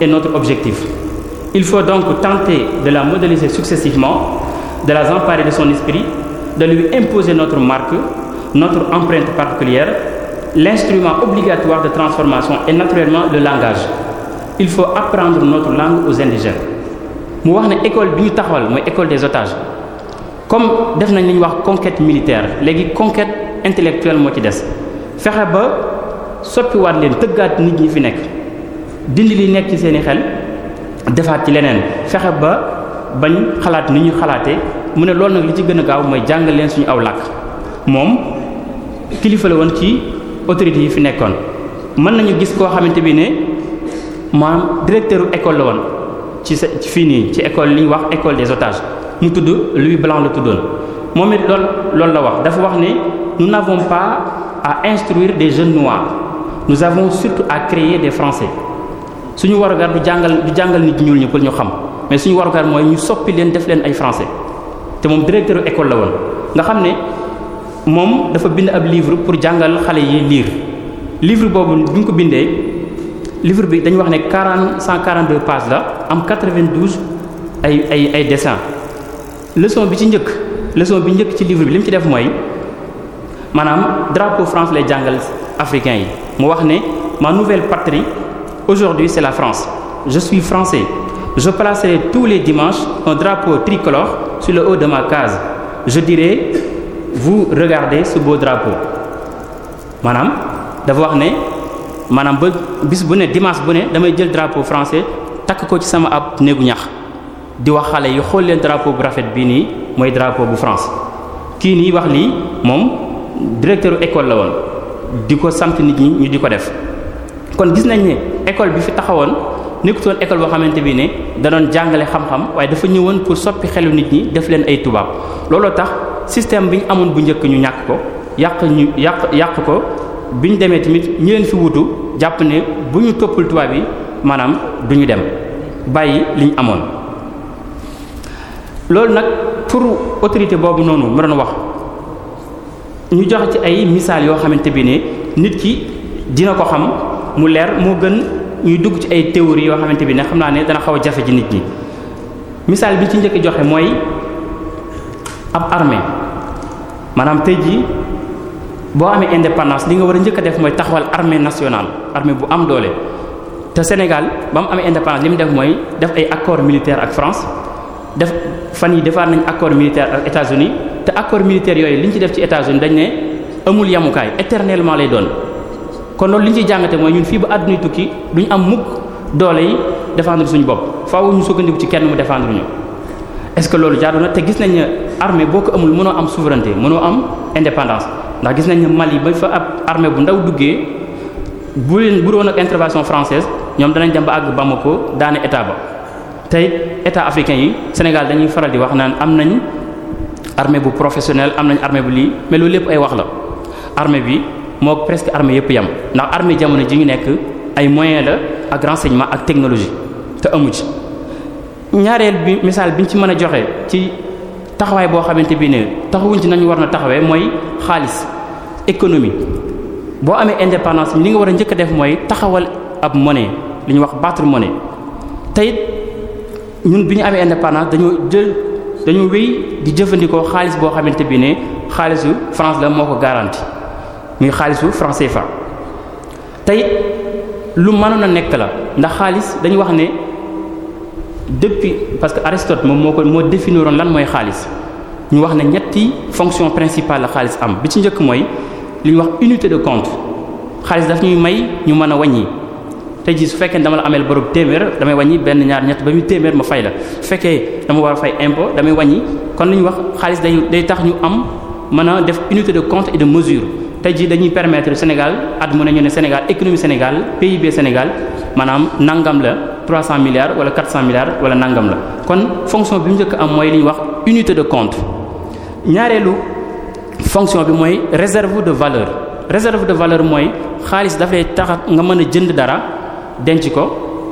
est notre objectif il faut donc tenter de la modéliser successivement de la emparer de son esprit de lui imposer notre marque notre empreinte particulière l'instrument obligatoire de transformation est naturellement le langage il faut apprendre notre langue aux indigènes mu wax ne école bi ñu taxawal mooy école des otages comme def nañ li ñuy wax conquête militaire léegi conquête intellectuelle moo ci des fexe ba soppiwaat leen tëggaat nit ñi fi nekk dindi li nekk ci seeni xel defaat ci leneen fexe ba bañ xalaat ni ñu xalaatee mu ne loolu nag li ci gën a gaaw mooy jàngal leen suñu aw làkk moom kilifa la woon ci autorités yi fi nekkoon mën nañu gis koo xamante bi ne. maanaam directeur école la woon ci sa fii nii ci école li ñuy wax école des otages mu tudd Louis Blanc la tuddoon moom it lool loolu la wax dafa wax ni nous n'avons pas à instruire des jeunes noirs nous avons surtout à créer des français suñu warugar du jàngal du jàngal nit ñuul ñi pour ñu xam mais suñu warugar mooy ñu soppi leen def leen ay français te moom directeur école la woon nga xam ne moom dafa bind ab livre pour jàngal xale yi liir livre boobu duñ ko bindee. livre bi dañu wax ne quarante cent quarante deux pages la am quatre vingt douze ay ay ay dessins leçon bi ci njëkk leçon bi njëkk ci livre bi li mu ci def mooy maanaam drapeau France lay jàngal africain yi mu wax ne ma nouvelle patrie aujourd'hui c'est la France je suis français je placerai tous les dimanches un drapeau tricolore sur le haut de ma je dirai vous regardez ce beau drapeau maanaam dafa wax ne. maanaam ba bis bu ne dimanche bu ne damay jël drapo français takk ko ci sama ab néegu ñax di wax xale yi xool leen drapeau bu rafet bii nii mooy drapo bu France kii nii wax lii moom directeur école la woon di ko sant nit ñi ñu di ko def kon gis nañ ne école bi fi taxawoon nekkutoon école boo xamante bi ne da doon jàngale xam-xam waaye dafa ñëwoon pour soppi xelu nit ñi def leen ay tubaab looloo tax système bi amoon bu njëkk ñu ñàkk ko yàq ñu yàq yàq ko bi ñu demee tamit ñi leen fi wutu jàpp ne bu ñu toppul tubaab yi maanaam du ñu dem bàyyi li ñu amoon loolu nag pour autorité boobu noonu ma doon wax ñu joxe ci ay misaal yoo xamante bi ne nit ki dina ko xam mu leer moo gën ñuy dugg ci ay théories yoo xamante bi ne xam naa ne dana xaw a jafe ci nit ñi misaal bi ci njëkk joxe mooy ab armée maanaam tey jii boo amee indépendance li nga war a njëkk def mooy taxawal armée nationale armée bu am doole te Sénégal ba mu amee indépendance li mu def mooy def ay accord militaire ak France def fan yi defaat nañ accord militaire ak États-Unis te accord militaire yooyu li ñu ci def ci États-Unis dañ ne amul yamukaay éternellement lay doon kon loolu li ñu ciy jàngate mooy ñun fii ba àdduna tukki ñu am mukk doole yi défendre suñu bopp faaw ñu sukkandiku ci kenn mu défendre ñu est-ce que loolu jaadu na te gis nañ ne armée boo ko amul mënoo am souveraineté mënoo am indépendance ndax gis nañu ne Mali ba fa ab armee bu ndaw duggee bu leen bu doon ak intervention française ñoom danañ dem ba àgg ko daane état ba tey état africain yi Sénégal dañuy faral di wax naan am nañ armée bu professionnel am nañ armée bu lii mais lépp ay wax la armée bi moo presque armée yëpp yam ndax armée jamono ji ñu nekk ay moyen la ak renseignement ak technologie te amu ci ñaareel bi misaal biñ ci mën a joxe ci. taxawaay boo xamante bi ne taxawuñ ci nañu war na taxawee mooy xaalis économie boo amee indépendance li nga war a njëkk def mooy taxawal ab monnaie li ñu wax battre monnaie te it ñun bi ñu amee indépendance dañoo jël dañoo wéy di jëfandikoo xaalis boo xamante bi ne xaalisu France la moo ko garanti muy xaalisu franc CFA te lu mënoon a nekk la ndax xaalis dañu wax ne. depuis parce que Aristote moom moo ko moo définiroon lan mooy xaalis ñu wax na ñetti fonction principale la xaalis am bi ci njëkk mooy li ñuy wax unité de compte xaalis daf ñuy may ñu mën a wàññi te ji su fekkee ne dama la ameel borob téeméer damay wàññi benn ñaar ñett ba muy téeméer ma fay la fekkee dama war a fay impôt damay wàññi kon li ñu wax xaalis day day tax ñu am mën a def unité de compte et de mesure te jii dañuy permettre Sénégal at mu ne ñu ne Sénégal économie Sénégal PIB Sénégal 300 milliards wala 400 milliards wala nangam la kon fonction bi mu njëkk am mooy li ñuy wax unité de compte ñaareelu fonction bi mooy réserve de valeur réserve de valeur mooy xaalis dafay lay tax nga mën a jënd dara denc ko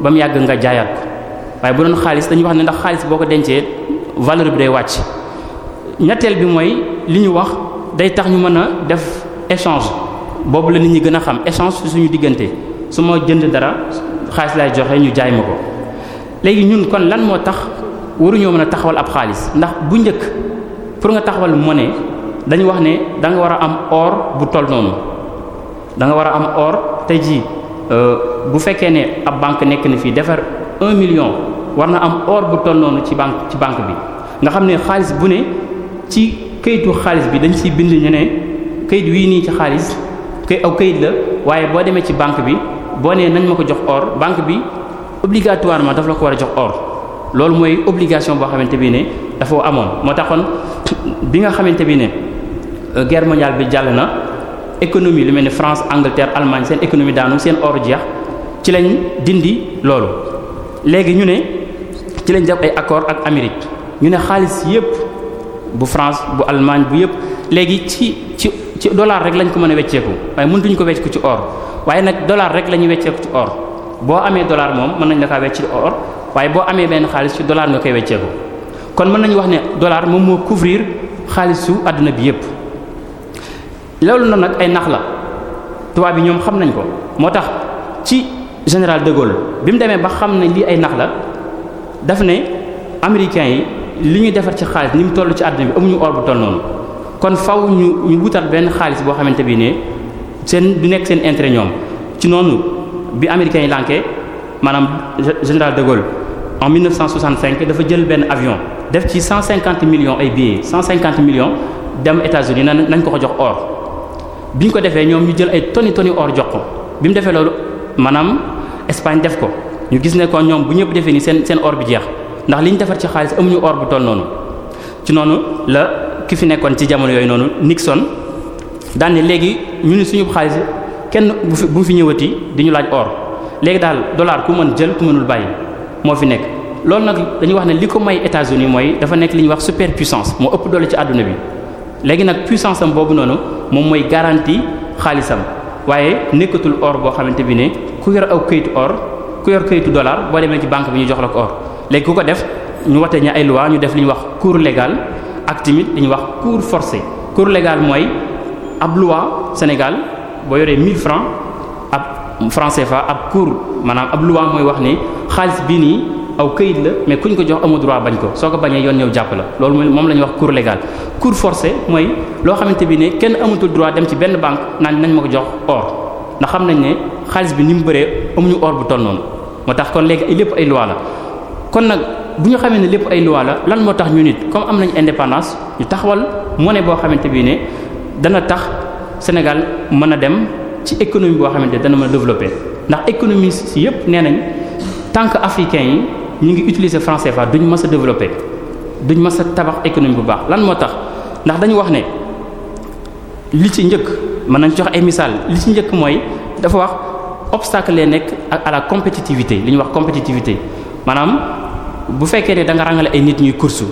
ba mu yàgg nga jaayaat ko waaye bu doon xaalis dañuy wax ne ndax xaalis boo ko dencee valeur bi day wàcc ñetteel bi mooy li ñu wax day tax ñu mën a def échange boobu la nit ñi gën a xam échange suñu diggante su ma jënd dara xaalis lay joxe ñu jaay ma ko léegi ñun kon lan moo tax waruñoo mën a taxawal ab xaalis ndax bu njëkk pour nga taxawal ne dañu wax ne da nga war a am or bu toll noonu da nga war a am or tey jii euh, bu fekkee ne ab banque nekk na fii defar un million war na am or bu toll noonu ci bànk ci banque bi nga xam ne xaalis bu ne ci kayitu xaalis bi dañ ciy bind ñu ne kayit wii nii ci xaalis kay aw kayit la waaye boo demee ci banque bi boo nee nañu ma ko jox or banque bi obligatoirement daf la ko war a jox or loolu mooy obligation boo xamante bi ne dafa amoon moo taxoon bi nga xamante bi ne euh, guerre mondiale bi jàll na économie lu mel ne France Angleterre Allemagne seen économie daanu seen or jeex ci lañ dindi loolu léegi ñu ne ci lañ def ay accord ak Amérique ñu ne xaalis yépp bu France bu Allemagne bu yépp léegi ci ci ci dollar rek lañ ko mën a wecceeku waaye mëntuñ ko wecc ko ci or waaye nag dollar rek la ñuy wecceeku ci or boo amee dollar moom mën nañ la kaa ci or waaye boo amee benn xaalis ci dollar nga koy wecceeku kon mën nañu wax ne dollar moom moo couvrir xaalisu àdduna bi yépp loolu noonu nag ay nax la tubaab bi ñoom xam nañ ko moo tax ci général de bi mu demee ba xam ne lii ay nax la daf ne américains yi li ñuy defar ci xaalis ni mu toll ci àdduna bi amuñu or bu toll noonu kon faw ñu ñu wutal benn xaalis boo xamante bi ne seen du nekk seen intérêt ñoom ci noonu bi américains yi lànkee maanaam général de Gaulle en 1965 dafa jël benn avion def ci 150 millions ay billets 150 million dem États-Unis na nañ ko ko jox or bi ñu ko defee ñoom ñu jël ay toni toni or jox ko bi mu defee loolu maanaam Espagne def ko ñu gis ne kon ñoom bu ñëpp defee ni seen seen or bi jeex ndax li ñu defar ci xaalis amuñu or bu toll noonu ci noonu la ki fi nekkoon ci jamono yooyu noonu Nixon daan léegi ñu ni suñu xaalis kenn bu fi bu fi ñëwati di ñu laaj or léegi daal dollar ku mën jël ku mënul bàyyi moo fi nekk. loolu nag dañuy wax ne li ko may états mooy dafa nekk li ñuy wax superpuissance moo ëpp doole ci àdduna bi léegi nag puissance am boobu noonu moom mooy garanti xaalisam waaye nekkatul or boo xamante bi ne ku yor aw këyitu or ku yor këyitu dollar boo demee ci banque bi ñu jox la ko or léegi ku ko def ñu watee ña ay loi ñu def li ñuy wax cours légal ak timit ñuy wax cours forcé cours légal mooy. ab loi Sénégal boo yoree 1000 francs ab franc fa ab cour maanaam ab loi mooy wax ni xaalis bii nii aw këyit la mais kuñ ko jox amu droit bañ ko soo ko bañee yoon ñëw jàpp la loolu moom la ñuy wax cour légale cour forcée mooy loo xamante bi ne kenn amatul droit dem ci benn banque naan nañ ma ko jox or ndax xam nañ ne xaalis bi ni mu bëree amuñu or bu toll noonu moo tax kon léegi lépp ay loi la kon nag bu ñu xamee ne lépp ay loi la lan moo tax ñu nit comme am nañ indépendance ñu taxawal boo xamante bi ne dana tax Sénégal mën a dem ci économie boo xamante ne dana mën a développer ndax économie si yépp nee nañ tant que africain yi ñu ngi utiliser franc CFA duñ mës a développer duñ mës a tabax économie bu baax lan moo tax ndax dañu wax ne li ci njëkk mën nañ jox ay misaal li ci njëkk mooy dafa wax obstacle lay nekk ak à la compétitivité li ñuy wax compétitivité maanaam bu fekkee ne da nga rangale ay nit ñuy course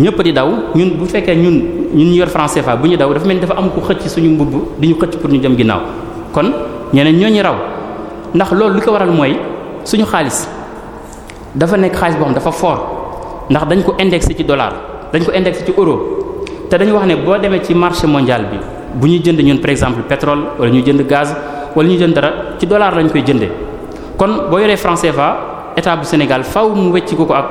ñëpp di daw ñun bu fekkee ñun ñun ñu yor franc CFA bu ñu daw dafa mel ni dafa am ku xëcc suñu mbubb di ñu xëcc pour ñu jëm ginnaaw kon ñeneen ñoo ñu raw ndax loolu li ko waral mooy suñu xaalis dafa nekk xaalis boo dafa fort ndax dañ ko indexé ci dollar dañ ko indexé ci euro te dañu wax ne boo demee ci marché mondial bi bu ñuy jënd ñun par exemple pétrole ñu jënd gaz wala ñu jënd dara ci dollar lañ koy jëndee kon boo yoree franc fa état bu Sénégal faw mu wecci ko ko ak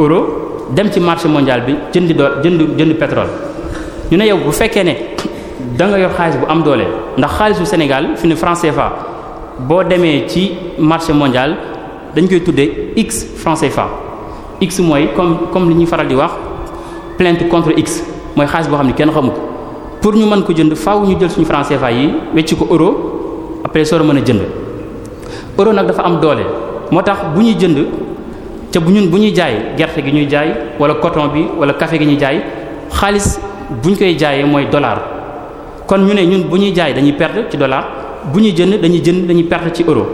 euro dem ci marché mondial bi jëndi doo jënd jënd pétrole ñu ne yow bu fekkee ne da nga yor xaalis bu am doole ndax xaalisu Sénégal fi ne franc CFA boo demee ci marché mondial dañ koy tuddee x franc fa x mooy comme comme li ñuy faral di wax plainte contre x mooy xaalis boo xam ne kenn xamu ko pour ñu mën ko jënd faaw ñu jël suñu franc CFA yi wecc ko euro après soo mën a jënd euro nag dafa am doole moo tax bu ñuy jënd. te bu ñun bu ñuy jaay gerte gi ñuy jaay wala coton bi wala kafe gi ñuy jaay xaalis bu ñu koy jaayee mooy dollar kon ñu ne ñun bu ñuy jaay dañuy perdre ci dollar bu ñuy jënd dañuy jënd dañuy perdre ci euro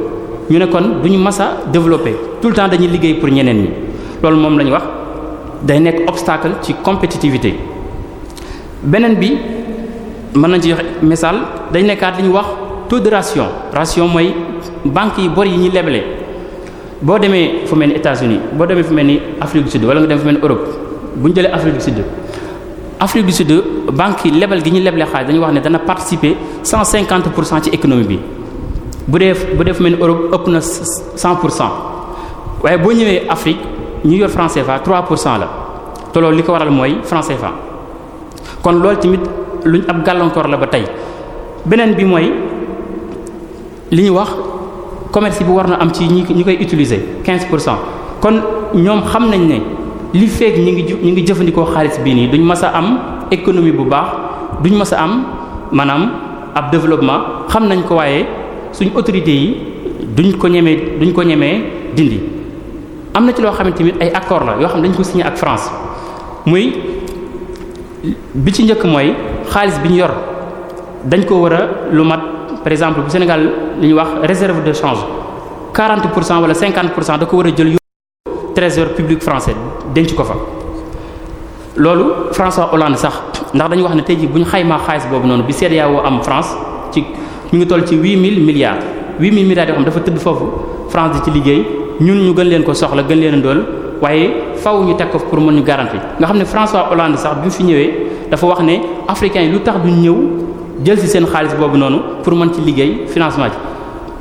ñu ne kon du ñu mas a développer tout le temps dañuy liggéey pour ñeneen ñi loolu moom la wax day nekk obstacle ci compétitivité beneen bi mën nañ ci joxe misaal dañ nekkaat li ñu wax taux de ration ration mooy banques yi bor yi ñuy leble boo demee fu mel ni États-Unis boo demee fu mel ni Afrique du Sud wala nga dem fu mel ni Europe bu ñu jëlee Afrique du Sud Afrique du Sud banque yi lebal gi ñu leble xaalis dañu wax ne dana participer 150 pour cent ci économie bi bu dee bu dee fu mel ni Europe ëpp na 100 pour cent waaye boo ñëwee Afrique ñu yor franc CFA 3 pour cent la te loolu li ko waral mooy franc CFA kon loolu tamit luñ ab gàllankoor la ba tey beneen bi mooy li ñu wax. commerce bi war na am ci ñi ñi koy utiliser 15 pour cent kon ñoom xam nañ ne li feek ñi ngi ñi ngi jëfandikoo xaalis bii nii duñ mës a am économie bu baax duñ mës a am maanaam ab développement xam nañ ko waaye suñ autorités yi duñ ko ñemee duñ ko ñemee dindi. am na ci loo xamante ni ay accord la yoo xam ne dañ ko signé ak France muy bi ci njëkk mooy xaalis bi ñu yor dañ ko war lu mat. par exemple bu Sénégal li ñuy wax réserve de change 40 pour cent wala 50 pour cent da ko war a jël yóbbu trésor public français denc ko fa. loolu François Hollande sax ndax dañu wax ne tey jii bu ñu xaymaa xaalis boobu noonu bi CEDEAO am France ci mi ngi toll ci 8000 milliards 8000 milliards yoo xam dafa tëdd foofu France di ci liggéey ñun ñu gën leen ko soxla gën leen a dool waaye faw ñu teg ko pour mën ñu garanti nga xam ne François Hollande sax bi fi ñëwee dafa wax ne africains y lu tax duñ ñëw. jël ci seen xaalis boobu noonu pour mën ci liggéey financement ji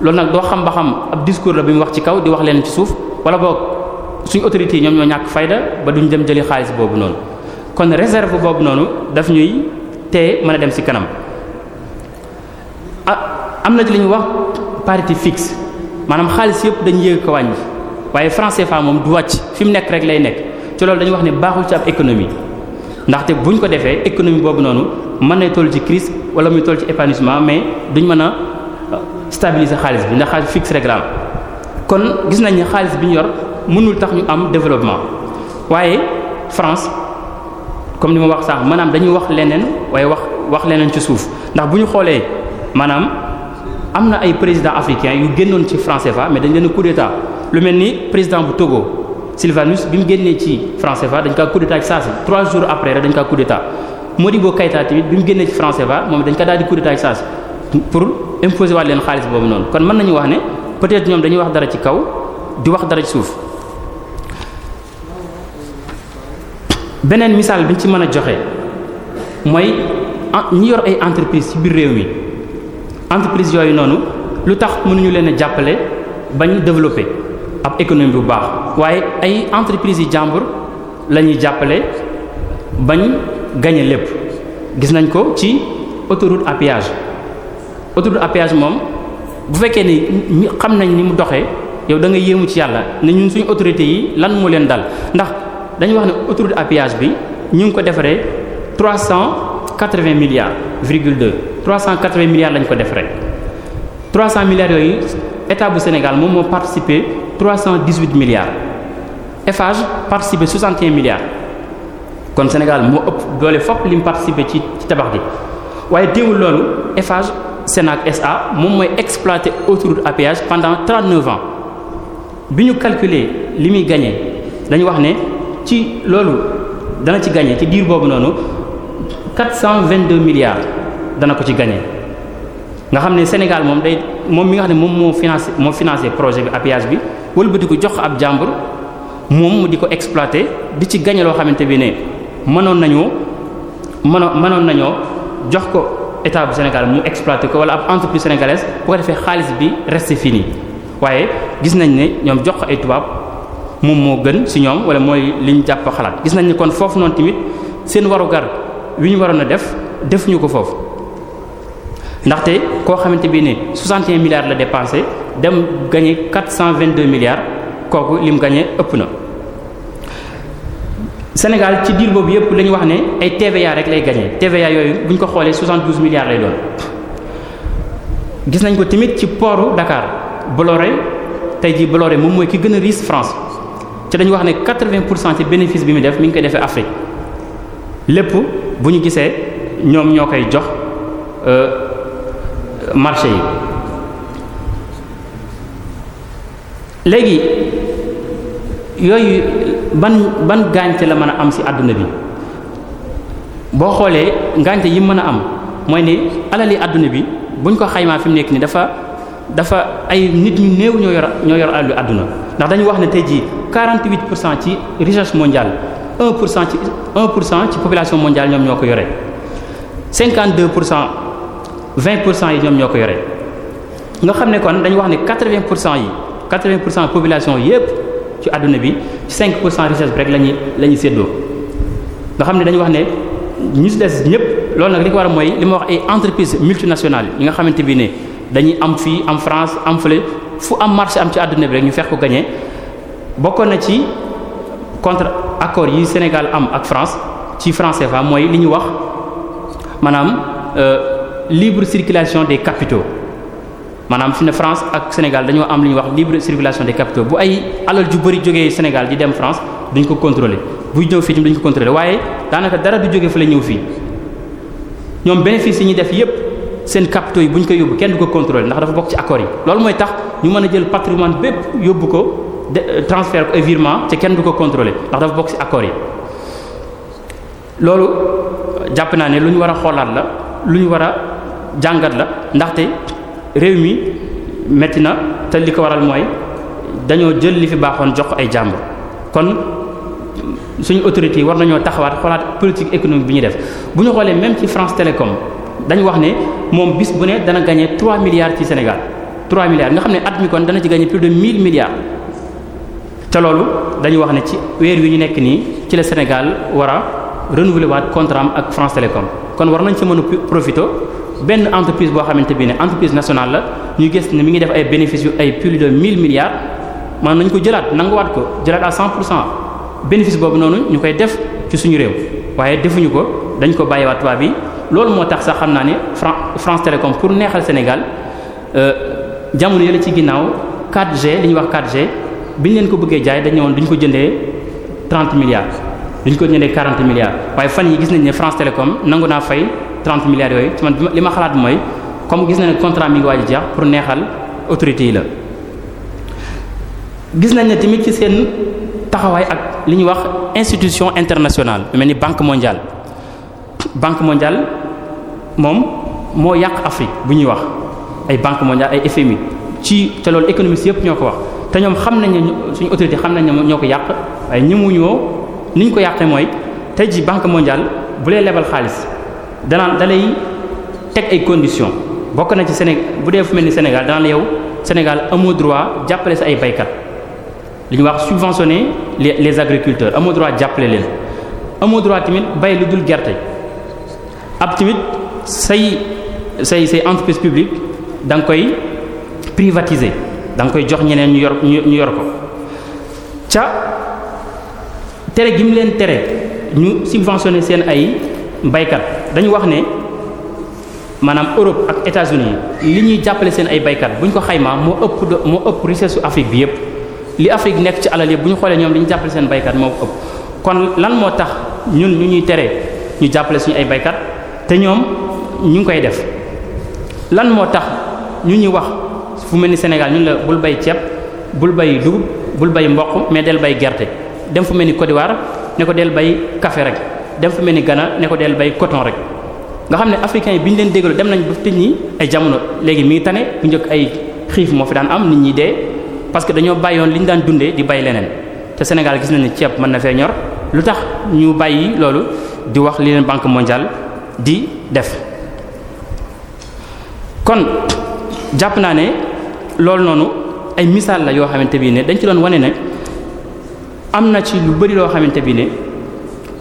loolu nag doo xam ba xam ab discours la bi mu wax ci kaw di wax leen ci suuf wala boog suñ autorités yi ñoom ñoo ñàkk fayda ba duñu dem jëli xaalis boobu noonu kon réserve boobu noonu dafa ñuy teye mën a dem ci kanam ah am na ci li ñu wax parité fix maanaam xaalis yëpp dañu yéeg ko wàññi waaye franc CFA moom du wàcc fi mu nekk rek lay nekk ci loolu dañu wax ne baaxul ci ab économie ndaxte ñu ko defee économie boobu noonu mën na toll ci crise wala muy toll ci épanouissement mais duñ mën a euh, stabiliser xaalis bi ndax xaalis fixe rek kon gis nañ ne xaalis bi ñu yor mënul tax ñu am développement waaye France comme ni mu wax sànq maanaam dañuy wax leneen waaye wax wax leneen ci suuf ndax bu ñu xoolee maanaam am na ay président africain yu génnoon ci franc CFA mais dañ leen coup d'état lu mel ni président bu Togo Sylvanus bi mu génnee ci franc CFA dañ kaa coup d'état ci saa si trois jours après rek dañ kaa coup d'état Modibo Keïta tamit bi mu génnee ci franc CFA moom dañ ko daal di coup d'état ci saa si pour imposer waat leen xaalis boobu noonu kon mën nañu wax ne peut-être ñoom dañuy wax dara ci kaw di wax dara ci suuf beneen misaal bi ñu ci mën a joxe mooy ñi yor ay entreprise ci biir réew mi entreprise yooyu noonu lu tax mënuñu leen a jàppale bañ développer ab économie bu baax waaye ay entreprises yi jàmbur la ñuy jàppale bañ gañe lépp gis nañ ko ci autoroute à péage autoroute moom bu fekkee ni xam nañ ni mu doxee yow da nga yéemu ci yàlla ne ñun suñu autorités yi lan moo leen dal ndax dañu wax ne autoroute à bi ñu ngi ko defaree trois cent quatre-vingts milliards virgule deux trois cent quatre-vingts milliards lañ ko defaree trois yooyu. état bu Sénégal moom moo participé 318 milliards Eiffage participé 61 milliards kon Sénégal moo ëpp doole fopp lim mu participé ci ci tabax gi waaye teewul loolu Eiffage Sénac SA moom mooy exploité autoroute à péage pendant 39 ans bi ñu calculer li muy gagné dañu wax ne ci loolu dana ci gagné ci diir boobu noonu 422 milliards dana ko ci gagné. nga xam ne Sénégal moom day moom mi nga xam ne moom moo financé moo financé projet bi APH bi wëlbati ko jox ab jàmbur moom mu di ko exploité di ci gagné loo xamante bi ne mënoon nañoo mënoon mënoon nañoo jox ko état bu Sénégal mu exploité ko wala ab entreprise sénégalaise bu ko defee xaalis bi resté fini waaye gis nañ ne ñoom jox ko ay tubaab moom moo gën ci ñoom wala mooy li ñu jàpp xalaat gis nañ ne kon foofu noonu tamit seen warugar wi ñu waroon a def defuñu ko foofu. ndaxte koo xamante bi ne 61 milliards la dépensé dem gagné 422 milliards kooku lim gagné ëpp na. senegal ci diir boobu yëpp la wax ne ay TVA rek lay gagné TVA yooyu bu ñu ko xoolee 72 milliards lay doon gis nañ ko tamit ci portu Dakar Bolloré tey jii Bolloré moom mooy ki gën a riche France ci dañu wax ne 80 pour cent ci bénéfice bi mu def mi ngi koy defee Afrique lépp bu ñu gisee ñoom ñoo koy jox. Euh, marché yi léegi yooyu ban ban gàncax la mën a am ci àdduna bi boo xoolee ngàncax yi mën a am mooy ne alali àdduna bi buñ ko xaymaa fi mu nekk nii dafa dafa ay nit ñu néew ñoo yor ñoo yor alalu àdduna ndax dañu wax ne tey jii 48 pour cent ci richesse mondiale 1 pour cent ci 1 pour cent ci population mondiale ñoom ñoo ko yore vingt pour cent yi ñoom ñoo ko yore nga xam ne kon dañu wax ne quatre-vingts pour cent yi quatre-vingts pour cent population yépp ci àdduna bi cinq pour cent richesse bi rek la ñuy la ñuy séddoo nga xam ne dañu wax ne ñu si des ñépp loolu nag li ko war a mooy li ma wax ay entreprise multinationale yi nga xamante bi ne dañuy am fii am France am fële fu am marché am ci àdduna bi rek ñu fex ko gagné bokkoon na ci contre accord yi Sénégal am ak France ci franc CFA mooy li ñu wax maanaam. Euh, libre circulation des capitaux maanaam fi ne France ak Sénégal dañoo am lu ñuy wax libre circulation de capitaux bu ay alal ju bari jógee Sénégal di dem France duñ ko contrôler buy ñëw fii ci duñ ko contrôler waaye daanaka dara du jóge fa la ñëw fii ñoom bénéfice yi ñuy def yépp seen capitaux yi buñ ko yóbbu kenn du ko contrôler ndax dafa bokk ci accords yi loolu mooy tax ñu mën a jël patrimoine bépp yóbbu ko euh, transfert ko virement te kenn du ko contrôler ndax dafa bokk ci jàpp naa ne lu ñu war xoolaat la lu ñu war jàngat la ndaxte réew mi métti na te li ko waral mooy dañoo jël li fi baaxoon jox ko ay jàmbur kon suñu autorités yi war nañoo taxawaat xoolaat politique économique bi ñu def bu ñu xoolee même ci France Télécom dañ wax ne moom bis bu ne dana gagner 3 milliards ci Sénégal 3 milliards nga xam ne at mi kon dana ci gagner plus de 1000 milliards te loolu dañu wax ne ci weer wi ñu nekk nii ci la Sénégal war a renouveler waat ak France Télécom kon benn entreprise boo xamante bi ne entreprise nationale la ñu gis ne mu ngi def ay bénéfices yu ay plus de 1000 milliards man nañ ko jëlaat nanguwaat ko jëlaat à 100 pour cent bénéfice boobu noonu ñu koy def ci suñu réew waaye defuñu ko dañ ko bàyyiwaat tubaab bi loolu moo tax sax xam naa ne Fran France Télécom pour neexal Sénégal euh, jamono la ci ginnaaw 4G li ñuy wax 4G biñ leen ko bëggee jaay dañ ne woon duñ ko jëndee 30 milliards duñ ko jëndee 40 milliards waaye fan yi gis naa fay. 30 milliards yooyu ci man li ma xalaat mooy comme gis na ne contrat mi ngi a jeex pour neexal autorité yi la. gis nañ ne tamit ci seen taxawaay ak li ñuy wax institution internationale mel ni banque mondiale banque mondiale moom moo yàq Afrique bu ñuy wax ay banque mondiale ay FMI ci te loolu économistes yëpp ñoo ko wax te ñoom xam nañ ne suñu autorité xam nañ ne ñoo ko yàq waaye ñi mu ni ñu ko yàqee mooy te ji banque mondiale bu lay lebal xaalis danaan dalay teg ay conditions bokk na ci Sénégal bu dee fu mel ni Sénégal danaan la yow Sénégal amoo droit jàppale sa ay baykat li ñu wax subventionner les les agriculteurs amoo droit jàppale leen amoo droit tamit bay lu dul gerte ab tamit say say say entreprise publique da nga koy privatiser da nga koy jox ñeneen ñu yor ñu yor ko ca tere gi mu leen tere ñu subventionner seen ay baykat dañu wax ne maanaam Europe ak États-Unis li ñuy jàppale seen ay baykat bu ñu ko xaymaa moo ëpp moo ëpp richesse su Afrique bi yépp li Afrique nekk ci alal yépp bu ñu xoolee ñoom li ñu jàppale seen baykat moo ëpp kon lan moo tax ñun ñu ñuy tere ñu jàppale suñu ay baykat te ñoom ñu ngi koy def lan moo tax ñu ñuy wax fu mel ni Sénégal ñun la bul bay ceeb bul bay dugub bul bay mboq mais del bay gerte dem fu mel ni Côte d'Ivoire ne ko del bay café rek dem fu mel ni Ghana ne ko del bay coton rek nga xam ne africains yi bi ñu leen dégloo dem nañ ba fi ñi ay jamono léegi mi ngi tane bu njëkk ay xiif moo fi daan am nit ñi dee parce que dañoo bàyyoon li ñu daan dundee bay leneen te Sénégal gis nañ ne ceeb mën na fee ñor lu tax ñu bàyyi loolu di wax li leen banque mondiale di def kon jàpp naa ne loolu noonu ay misaal la yoo xamante bi ne dañ ci doon wane ne am na ci lu bari loo xamante bi ne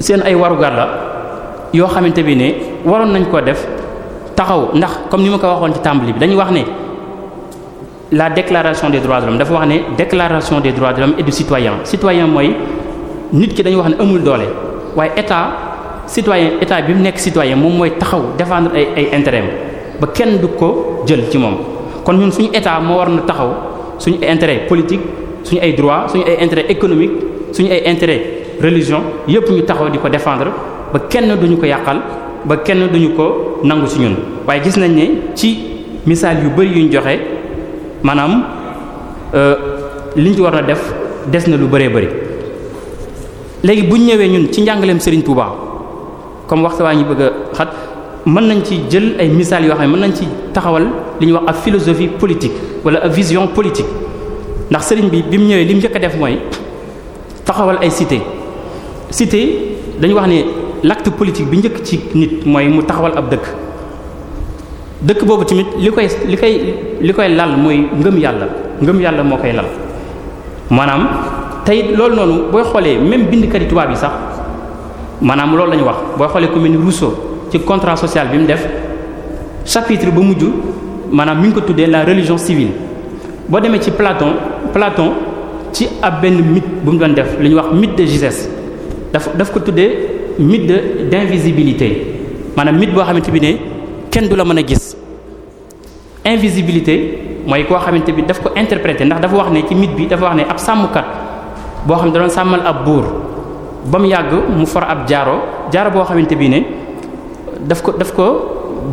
seen ay warugar la yoo xamante bi ne waroon nañ koo def taxaw ndax comme ni ma ko waxoon ci tàmbali bi dañuy wax ne la déclaration des droits de dafa wax ne déclaration des droits de l'homme et du citoyen citoyen mooy nit ki dañuy wax ne amul doole waaye état citoyen état bi mu nekk citoyen moom mooy taxaw défendre ay ay intérêt ba kenn du ko jël ci moom kon ñun suñu état moo war na taxaw suñu intérêt politique suñu ay droit suñu ay intérêt économique suñu ay intérêt religion yépp ñu taxaw di ko défendre ba kenn duñu ko yàqal ba kenn duñu ko nangu ci ñun waaye gis nañ ne ci misaal yu bari ñu joxe maanaam euh, liñ ci war na def des na lu bëree bari léegi buñ ñëwee ñun ci njàngaleem Serigne Touba comme waxtu waa ñu bëgg xat mën nañ ci jël ay misaal yoo xam ne mën nañ ci taxawal li ñuy wax ab philosophie politique wala ab vision politique ndax sëriñ bi bi mu ñëwee li mu njëkk a def mooy taxawal ay cité cité dañu wax ne l'acte politique bi njëkk ci nit mooy mu taxawal ab dëkk dëkk boobu tamit li koy li koy li koy lal mooy ngëm yàlla ngëm yàlla moo koy lal maanaam tey loolu noonu booy xoolee même bindkat yi tubaab yi sax maanaam loolu la ñu wax booy xoolee ku mel ni Rousseau ci contrat social bi mu def chapitre ba mujj maanaam mi ngi ko tuddee la religion civile boo demee ci Platon Platon ci ab benn mythe bu mu doon def li ñuy wax mythe de Gygès daf daf ko tuddee mythe de d'invisibilité maanaam mythe boo xamante bi ne kenn du la mën a gis invisibilité mooy koo xamante bi daf ko interpréter ndax dafa wax ne ci mythe bi dafa wax ne ab sàmmkat boo xam ne da doon sàmmal ab buur ba mu yàgg mu for ab jaaro jaaro boo xamante bi ne daf ko daf ko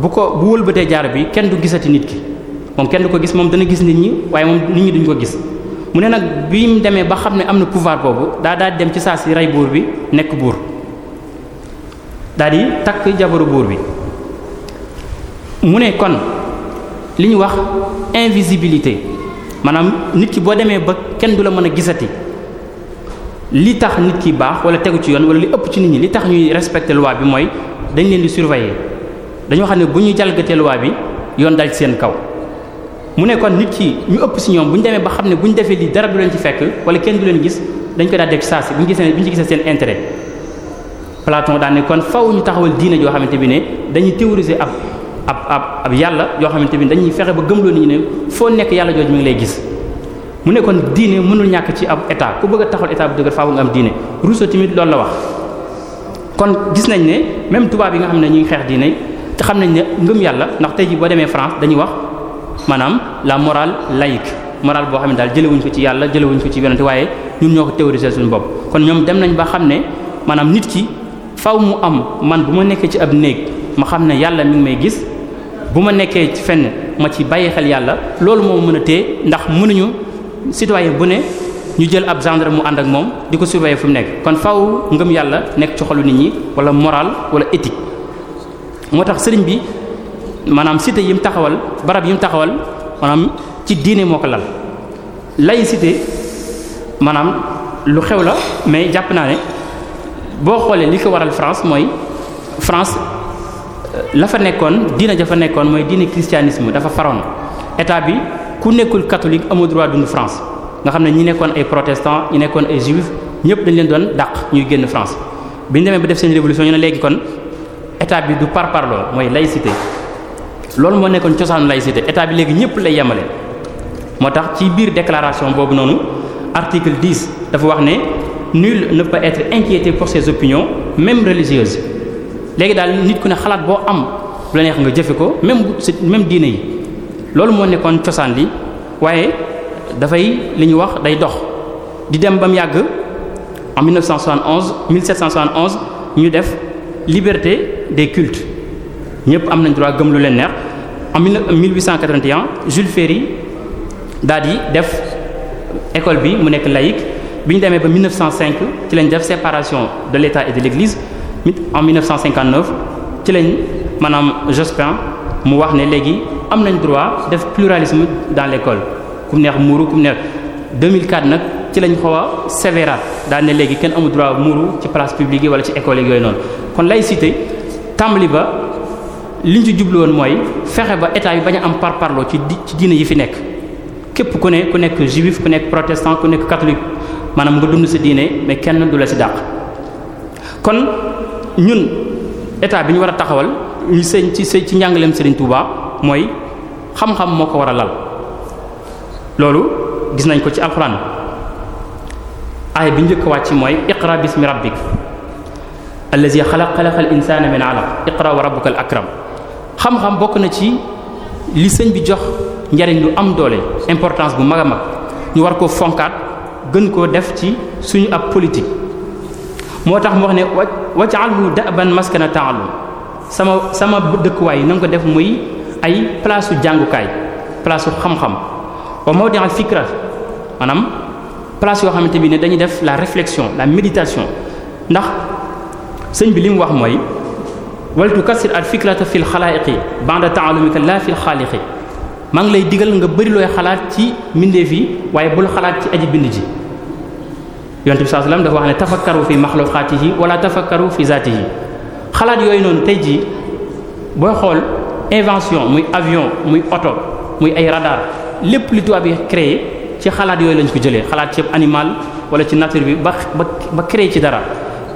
bu ko bu wëlbatee jaaro bi kenn du gisati nit ki moom kenn du ko gis moom dana gis nit ñi waaye moom nit ñi duñ ko gis mu ne nag bi mu demee ba xam ne am na pouvoir boobu daa daa dem ci saa si rey buur bi nekk buur daa di takk jabaru buur bi mu ne kon li ñu wax invisibilité maanaam nit ki boo demee ba kenn du la mën a gisati li tax nit kiy baax wala tegu ci yoon wala li ëpp ci nit ñi li tax ñuy respecter loi bi mooy dañ leen di surveiller dañoo xam ne bu ñuy jalgatee loi bi yoon dal ci seen kaw mu ne kon nit ki ñu ëpp si ñoom bu ñu demee ba xam ne bu ñu defee lii dara du leen ci fekk wala kenn du leen gis dañ ko daal def saa si bu ñu gisee bu ñu ci gisee seen intérêt Platon daan ne kon faw ñu taxawal diine joo xamante bi ne dañuy théoriser ab ab ab yàlla yoo xamante bi ne dañuy fexe ba gëmloo nit ñu ne foo nekk yàlla jooju mi ngi lay gis. mu ne kon diine mënul ñàkk ci ab état ku bëgg a taxawal état bu dëgër faaw nga am diine Rousseau tamit loolu la wax kon gis nañ ne même tubaab yi nga xam ne ñu xeex diine te xam nañ ne ngëm yàlla ndax tey ji demee France dañuy wax maanaam la morale laïque morale boo xam ne daal jëlewuñ ko ci yàlla jëlewuñ ko ci yonente waaye ñun ñoo ko théoriser suñu bopp kon ñoom dem nañ ba xam ne maanaam nit ki faw mu am man bu ma nekkee ci ab néeg ma xam ne yàlla mi ngi may gis bu ma nekkee ci fenn ma ci bàyyi xel yàlla loolu moo mën a téye ndax mënuñu citoyen bu ne ñu jël ab gendarme mu ànd ak moom di ko surveiller fu mu nekk kon faw ngëm yàlla nekk ci xolu nit ñi wala moral wala éthique maanaam cité yi taxawal barab yi mu taxawal maanaam ci diine moo ko lal laïcité maanaam lu xew la mais jàpp naa ne boo xoolee li ko waral France mooy France euh, la fa nekkoon diina ja fa nekkoon mooy diine christianisme dafa faroon état bi ku nekkul catholique amoo droit dund France nga xam ne ñi nekkoon ay protestants ñi nekkoon ay juifs ñëpp dañ leen doon dàq ñuy génn France bi ñu demee def seen révolution ñu ne léegi kon état bi du parparloo mooy laïcité loolu moo nekkoon cosaan lay laïcité état bi léegi ñëpp lay yemale moo tax ci biir déclaration boobu noonu article 10 dafa wax ne nul ne peut être inquiété pour ses opinions même religieuses léegi daal nit ku ne xalaat boo am bu la neex nga jëfe ko même même diine yi loolu moo nekkoon cosaan li waaye dafay li ñuy wax day dox di dem ba mu yàgg en 1971 1771 ñu def liberté des cultes ñëpp am nañ droit gëm lu leen neex en 1881 Jules Ferry daal di def école bi mu nekk laïque bi ñu demee ba 1905 ci lañ def séparation de l'État et de l'Église en 1959 ci lañ maanaam Jospin mu wax ne léegi am nañ droit def pluralisme dans l'école kum neex muuru kum neex 2004 nag ci lañ xaw a sévérat daan léegi kenn amul droit muuru ci place publique yi wala ci école yi yooyu noonu kon laïcité tàmbali ba. liñ ci jublu mooy fexe ba état yi bañ am par parloo ci ci diine yi fi nekk képp ku ne ku nekk juif ku nekk protestant ku nekk catholique maanaam nga dund sa diine mais kenn du la si dàq kon ñun état bi ñu war a taxawal li sëñ ci sëñ ci njàngaleem Serigne Touba mooy xam-xam moo ko war a lal loolu gis nañ ko ci alxuraan aay bi njëkk wàcc mooy iqra bismi rabbik allazi xalaq xalaqal insana min alaq iqra wa rabbukal akram xam-xam bokk na ci li sëñ bi jox njariñ lu am doole importance bu mag a mag ñu war ko fonkaat gën koo def ci suñu ab politique moo tax mu wax ne waj'alhu da'ban maskana ta'allum sama sama dëkkuwaay yi nga ko def muy ay place jàngukaay place xam-xam wa mawdi'al fikra maanaam place yoo xamante bi ne dañuy def la réflexion la méditation ndax sëñ bi li mu wax mooy wal tukassir al fikrata fil xalaayiqi ba'da ta'allumika la fil xaaliqi maa ngi lay digal nga bëri looy xalaat ci mbindeef yi waaye bul xalaat ci aji bind ji yonent bi sallallahu alayhi wasallam dafa wax ne tafakkaru fi maxluqaatihi wala tafakkaru fi yi xalaat yooyu noonu tey jii booy xool invention muy avion muy oto muy ay radar lépp li tubaab yi créé ci xalaat yooyu lañ ko jëlee xalaat ci animal wala ci nature bi ba ba ba créé ci dara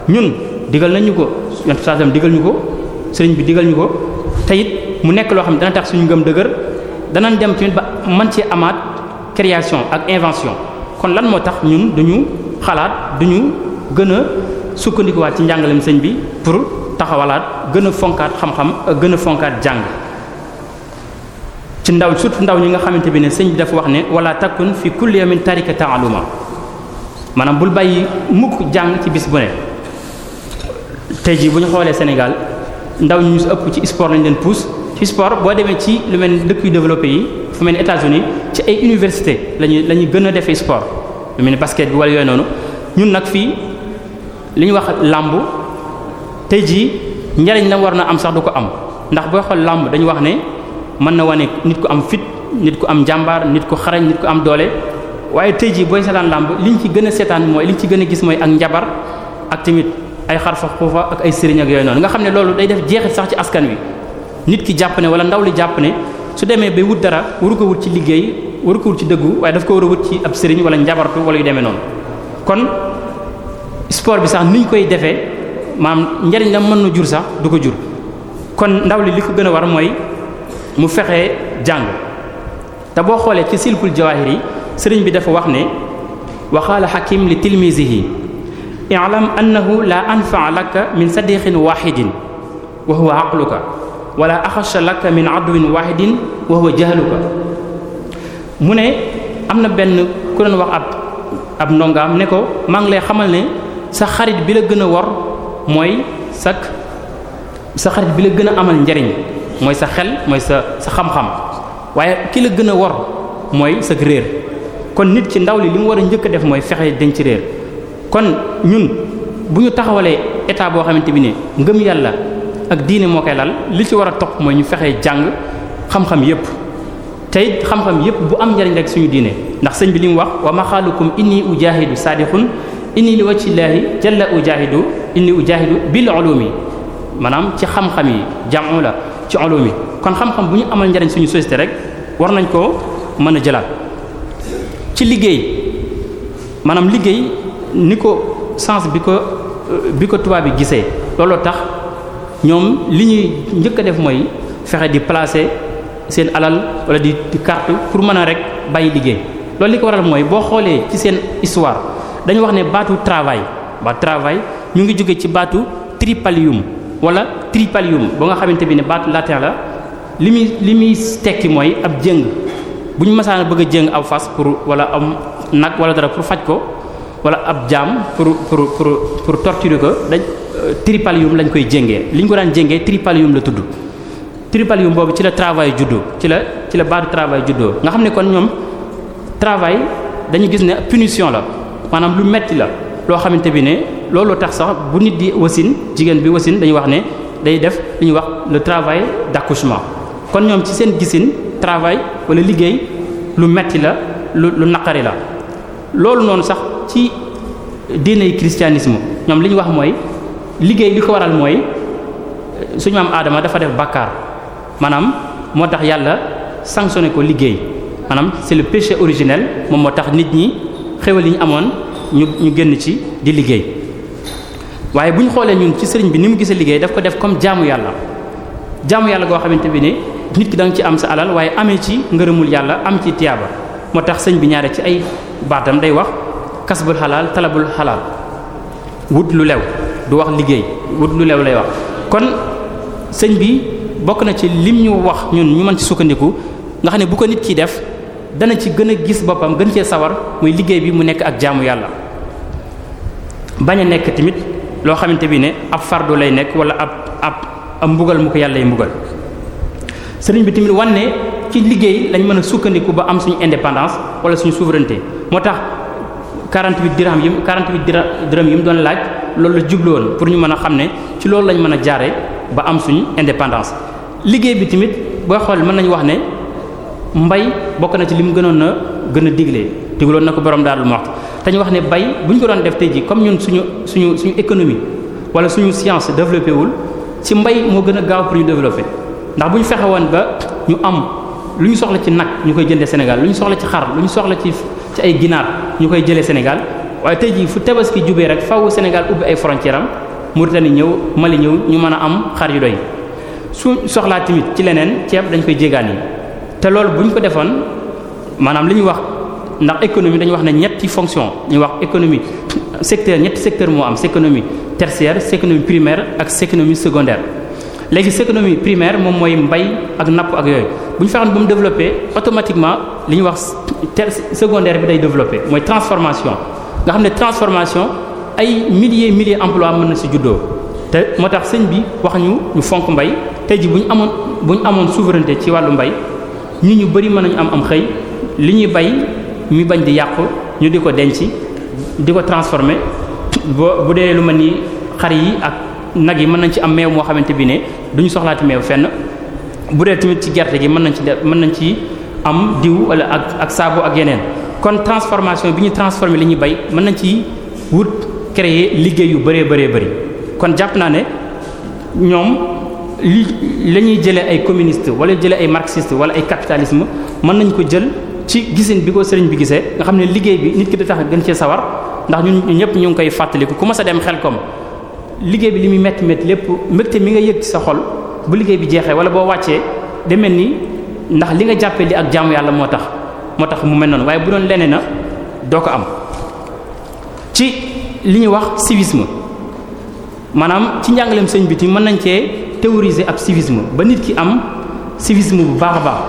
ñun digal nañ ñu ko yonent bi sallallahu digal ñu ko. sëriñ bi digal ñu ko te it mu nekk loo xam ne dana tax suñu ngëm dëgër danañ dem tamit ba man ci amaat création ak invention kon lan moo tax ñun duñu xalaat duñu gën a sukkandikuwaat ci njàngalem sëñ bi pour taxawalaat gën fonkaat xam-xam ak gën a fonkaat jàng ci ndaw surtout ndaw ñi nga xamante bi ne sëñ bi dafa wax ne wala takun fi kulli yawmin tarika ta'alluma maanaam bul bàyyi mukk jàng ci bis bu ne tey jii bu ñu xoolee Sénégal ndaw ñu ëpp ci sport lañ leen pousse ci sport boo demee ci lu mel ni dëkk yu développé yi fu mel ni États-Unis ci ay université lañu la ñuy gën a defee sport lu mel ni basket bi wala yooyu noonu ñun nag fii li ñu wax làmb tey jii njariñ la war na am sax du ko am ndax booy xool làmb dañu wax ne mën na wane nit ku am fit nit ku am jàmbaar nit ku xarañ nit ko am doole waaye tey jii booy seetaan làmb li ñu ci gën a seetaan mooy liñ ci gën a gis mooy ak njabar ak ay xar sax ku ak ay sëriñ ak yooyu noonu nga xam ne loolu day def jeexit sax ci askan wi nit ki jàpp ne wala ndaw li jàpp ne su demee bay wut dara waru ko wut ci liggéey waru ko wut ci dëggu waaye daf ko war a wut ci ab sëriñ wala njabartu wala yu demee noonu kon sport bi sax niñ koy defee maam njariñ la mën na jur sax du ko jur kon ndaw li li ko gën a war mooy mu fexe jàng te boo xoolee ci silkul jawaahir yi sëriñ bi dafa wax ne waxaala xakim li tilmisihi i'lam annahu la anfaa laka min sadiqin wahidin wa huwa aqluka wala axasha laka min aduwin wahidin wa huwa jahluka mu ne am na benn ku doon wax ab ab ndongaam ne ko maa ngi lay xamal ne sa xarit bi la gën a wor mooy sak sa xarit bi la gën a amal njariñ mooy sa xel mooy sa sa xam-xam waaye ki la gën a wor mooy sa réer kon nit ci ndaw li li mu war a njëkk def mooy fexe dañ ci réer kon ñun bu ñu taxawalee état boo xamante bi ne ngëm yàlla ak diine moo koy lal li ci war a topp mooy ñu fexee jàng xam-xam yépp tey xam-xam yépp bu am njariñ rek suñu diine ndax sëñ bi li mu wax wa maxaalukum inni ujahidu saadixun inni li wajhillaahi jalla ujahidu inni ujahidu bil ulumi maanaam ci xam-xam yi jamu la ci ulumi kon xam bu ñu amal njariñ suñu société rek war nañ koo mën a jëlal ci liggéey maanaam liggéey ni ko sens bi ko euh, bi ko tubaab bi gisee looloo tax ñoom li ñuy njëkk a def mooy fexe di placer seen alal wala di di pour mën a rek bàyyi liggéey loolu li ko waral mooy boo xoolee ci seen histoire dañu wax ne baatu travail ba travail ñu ngi jóge ci baatu tripalium wala tripalium ba nga xamante bi ne baatu latin la li muy li muy tekki mooy ab jëng bu ñu masaana bëgg a jëng aw fas pour wala am nag wala dara pour faj ko wala ab jaam pour pour pour pour torturer ko dañ euh, tripalium lañ koy jéngee liñ ko daan jéngee tripalium la tudd tripalium boobu ci la travail juddo ci la ci la baatu travail juddoo nga xam ne kon ñoom travail dañu gis ne punition la maanaam lu metti la loo xamante bi ne loolu tax sax bu nit di wasin jigéen bi wasin dañuy wax ne day def li ñuy wax le travail d'accouchement kon ñoom ci seen gisin travail wala liggéey lu metti la lu lu naqari la loolu ci diiney christianisme ñoom li ñu wax mooy liggéey li ko waral mooy suñu am aadama dafa def bàkkaar maanaam moo tax yàlla sanctionné ko liggéey maanaam c'est le péché originel moom moo tax nit ñi xéwal yi ñu amoon ñu ñu génn ci di liggéey waaye bu ñu xoolee ñun ci sëriñ bi ni mu gisee liggéey daf ko def comme jaamu yàlla jaamu yàlla goo xamante bi ne nit ki da ci am sa alal waaye amee ci ngërëmul yàlla am ci tiyaaba moo tax sëñ bi ñaare ci ay baatam day kasbul xalaal talabul xalaal wut lu lew du wax liggéey wut lu lew lay wax kon sëñ bi bokk na ci lim ñu wax ñun ñu mën ci sukkandiku nga xam ne bu ko nit ki def dana ci gën a gis boppam gën cee sawar muy liggéey bi mu nekk ak jaamu yàlla bañ a nekk tamit loo xamante bi ne ab fardo lay nekk wala ab ab ab mbugal mu ko yàlla yi mbugal sëriñ bi tamit wan ci liggéey lañ mën a sukkandiku ba am suñu indépendance wala suñu souveraineté moo tax 48 dirham yi 48 dirham yi mu doon laaj loolu la jublu woon pour ñu mën a xam ne ci loolu lañ mën a jaare ba am suñu indépendance liggéey bi tamit booy xool mën nañu wax ne mbay bokk na ci li mu gënoon a gën a digle digloon na ko borom daal lu ma te ñu wax ne bay bu ñu ko doon def tey ji comme ñun suñu suñu suñu économie wala suñu science développé wul ci mbay moo gën a gaaw pour ñu développer ndax bu ñu fexe woon ba ñu am lu ñu soxla ci nag ñu koy jënde Sénégal lu ñu soxla ci xar lu ñu soxla ci ci ay ginaar ñu koy jëlee Sénégal waaye tey jii fu tabaski jubee rek faaw Sénégal ubbi ay frontières am Mauritanie ñëw Mali ñëw ñu mën a am xar yu doy su soxlaa tamit ci leneen ceeb dañu koy jégaan yi te loolu bu ñu ko defoon maanaam li ñuy wax ndax économie dañu wax ne ñetti fonction ñu wax économie secteur ñetti secteur moo am économie tertiaire économie primaire ak économie secondaire léegi économie primaire moom mooy mbay ak napp ak yooyu bu ñu fexoon ba mu développé automatiquement li ñu wax te secondaire bi day développé mooy transformation nga xam ne transformation ay milliers millier emplois mën na ci juddoo te moo tax sëñ bi wax ñu ñu fonk mbay tey ji bu ñu amoon bu ñu amoon souveraineté ci wàllu mbay nit ñu bari mën nañu am am xëy li ñuy bay mi bañ di yàqu ñu di ko denc di ko transformer boo bu dee lu ma ni xar yi ak. nag yi mën nañ ci am meew moo xamante bi ne duñu soxlaati meew fenn bu dee tamit ci gerte gi mën nañ ci def mën nañ ci am diw wala ak ak saabu ak yeneen kon transformation bi ñu transformé li ñuy bay mën nañ ci wut créer liggéey yu bëree bëree bëri kon jàpp naa ne ñoom li la ñuy jëlee ay communiste wala jëlee ay marxiste wala ay capitalisme mën nañ ko jël ci gisin bi ko sëriñ bi gisee nga xam ne liggéey bi nit ki da tax gën cee sawar ndax ñu ñëpp ñu ngi koy fàttaliku ku ma sa dem xel kom liggéey bi li muy métti métti lépp mbégte mi nga yëg ci sa xol bu liggéey bi jeexee wala boo wàccee deme mel ni ndax li nga jàppee li ak jàmm yàlla moo tax moo tax mu mel noonu waaye bu doon leneen na doo ko am ci li ñuy wax civisme maanaam ci njàngaleem sëñ bitim mën nañ cee théoriser ab civisme ba nit ki am civisme bu baax a baax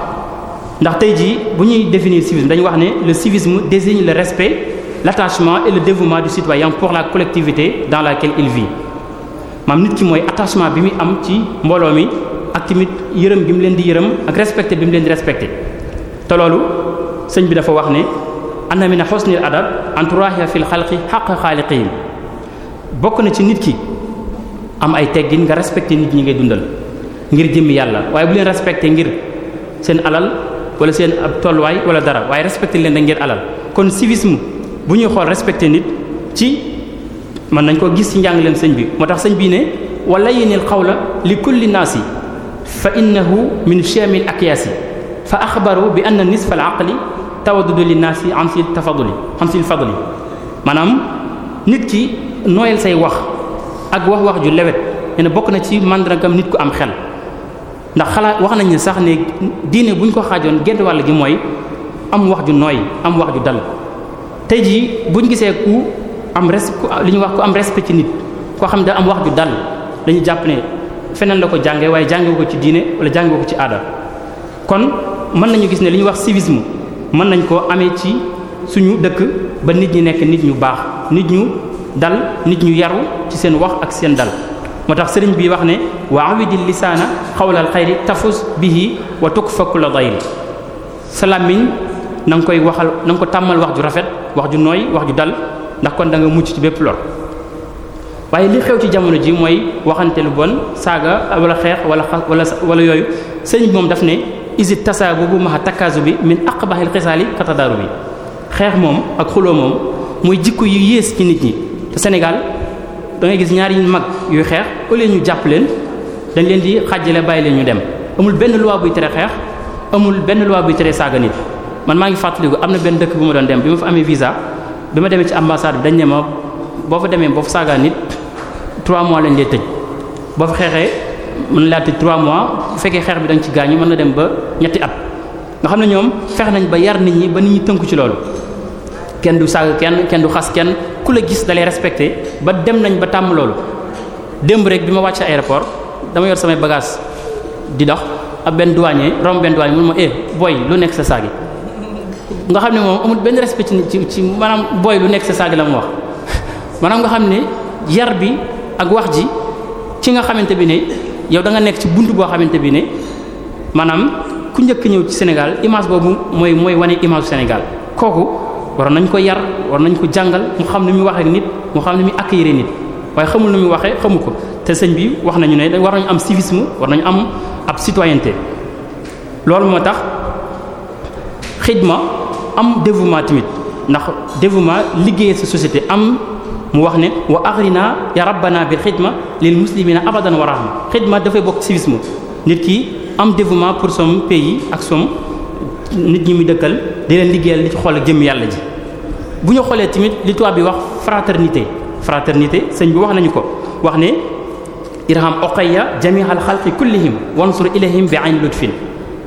ndax tey jii bu ñuy définir civisme dañu wax ne le civisme désigne le respect l'attachement et le dévouement du citoyen pour la collectivité dans laquelle il vit maam nit ki mooy attachement bi muy am ci mbooloo mi ak tamit yërëm bi mu leen di yërëm ak respecté bi mu leen di respecté te loolu sëñ bi dafa wax ne anna min husnil adab an turahiya fil xalqi xaqa xaaliqiin bokk na ci nit ki am ay teggin nga respecté nit ñi ngay dundal ngir jëmmi yàlla waaye bu leen respecté ngir seen alal wala seen ab tolluwaay wala dara waaye respecté leen da ngir alal kon civisme bu ñuy xool respecté nit ci mën nañ koo gis ci njàngaleem sëñ bi moo tax sëñ bi ne wala yéenil xawla li kulli yi fa innahu min chamil akyaasi fa axbaru bi anna nisfa al aqli tawaddudu li naasi an si tafaduli an si fadli maanaam nit ki nooyal say wax ak wax wax ju lewet nee na bokk na ci màndargam nit ku am xel ndax xalaat wax nañ ne sax ne diine bu ñu ko xaajoon genn wàll gi mooy am wax ju nooy am wax ju dal tey jii buñ gisee ku am res li ñu wax ku am respect ci nit koo xam ne daa am wax ju dal dañu jàpp ne feneen la ko jàngee waaye jàngewu ko ci diine wala jàngewu ko ci aada kon mën nañu gis ne li ñuy wax civisme mën nañ koo amee ci suñu dëkk ba nit ñi nekk nit ñu baax nit ñu dal nit ñu yaru ci seen wax ak seen dal moo tax sëriñ bi wax ne waa wa awidi lisaana xawlal xayri tafus bihi wa tukfa kulla dayri sa làmmiñ na nga koy waxal na ko tàmmal wax ju rafet wax ju nooy wax ju dal ndax kon danga nga mucc ci bépp lor waaye li xew ci jamono ji mooy waxante lu bon saaga wala xeex wala wala wala yooyu sëñ bi moom daf ne isit tasaabu bu maxa takkaasu bi min aqbahil xisaali katadaaru bi xeex moom ak xuloo moom mooy jikko yu yées ci nit ñi te Sénégal da ngay gis ñaari mag yuy xeex au ñu jàpp leen dañ leen di xàjjale bàyyi leen ñu dem amul benn loi buy tere xeex amul benn loi buy tere saaga nit man maa ngi fàttaliku am na benn dëkk bu ma doon dem bi ma fa amee bi ma demee ci ambassade bi dañ ne ma boo fa demee boo fa saagaan nit 3 mois lañ lay tëj boo fa xeexee mën laa tëj 3 mois bu fekkee xeex bi dañ nga ci gaañu mën na dem ba ñetti at nga xam ne ñoom fex nañ ba yar nit ñi ba nit ñi tënku ci loolu kenn du saaga kenn kenn du xas kenn ku la gis dalay respecté ba dem nañ ba tàmm loolu démb rek bi ma wàcc aéroport dama yor samay bagage di dox ab benn duwaañee romb benn douanier mun ma eh boy nekk sa saagi nga xam ne moom amul benn respect ci ci maanaam booy lu nekk sa saag la mu wax maanaam nga xam ne yar bi ak wax ji ki nga xamante bi ne yow da nga nekk ci bunt boo xamante bi ne maanaam ku njëkk ñëw ci Sénégal image boobu mooy mooy wane image Sénégal kooku war nañ ko yar war nañ ko jàngal mu xam ni muy waxee nit mu xam ni muy accueillir nit waaye xamul nu muy waxee xamu ko te sëñ bi wax nañu ne war nañu am civisme war nañu am ab citoyenneté loolu moo tax. xidma am dévouement tamit ndax dévouement liggéeyal sa société am mu wax ne wa axrina ya rabbana bil xidma lil muslimina abadan wa rahma xidma dafay bokk civisme nit ki am dévouement pour son pays ak son nit ñi muy dëkkal di leen liggéeyal li ci xool ak jëm yàlla ji bu ñu xoolee tamit li tubaab bi wax fraternité fraternité sëñ bi wax nañu ko wax ne irham oqaya jami'al xalqi kullihim wansur ilayhim bi ayn lutfin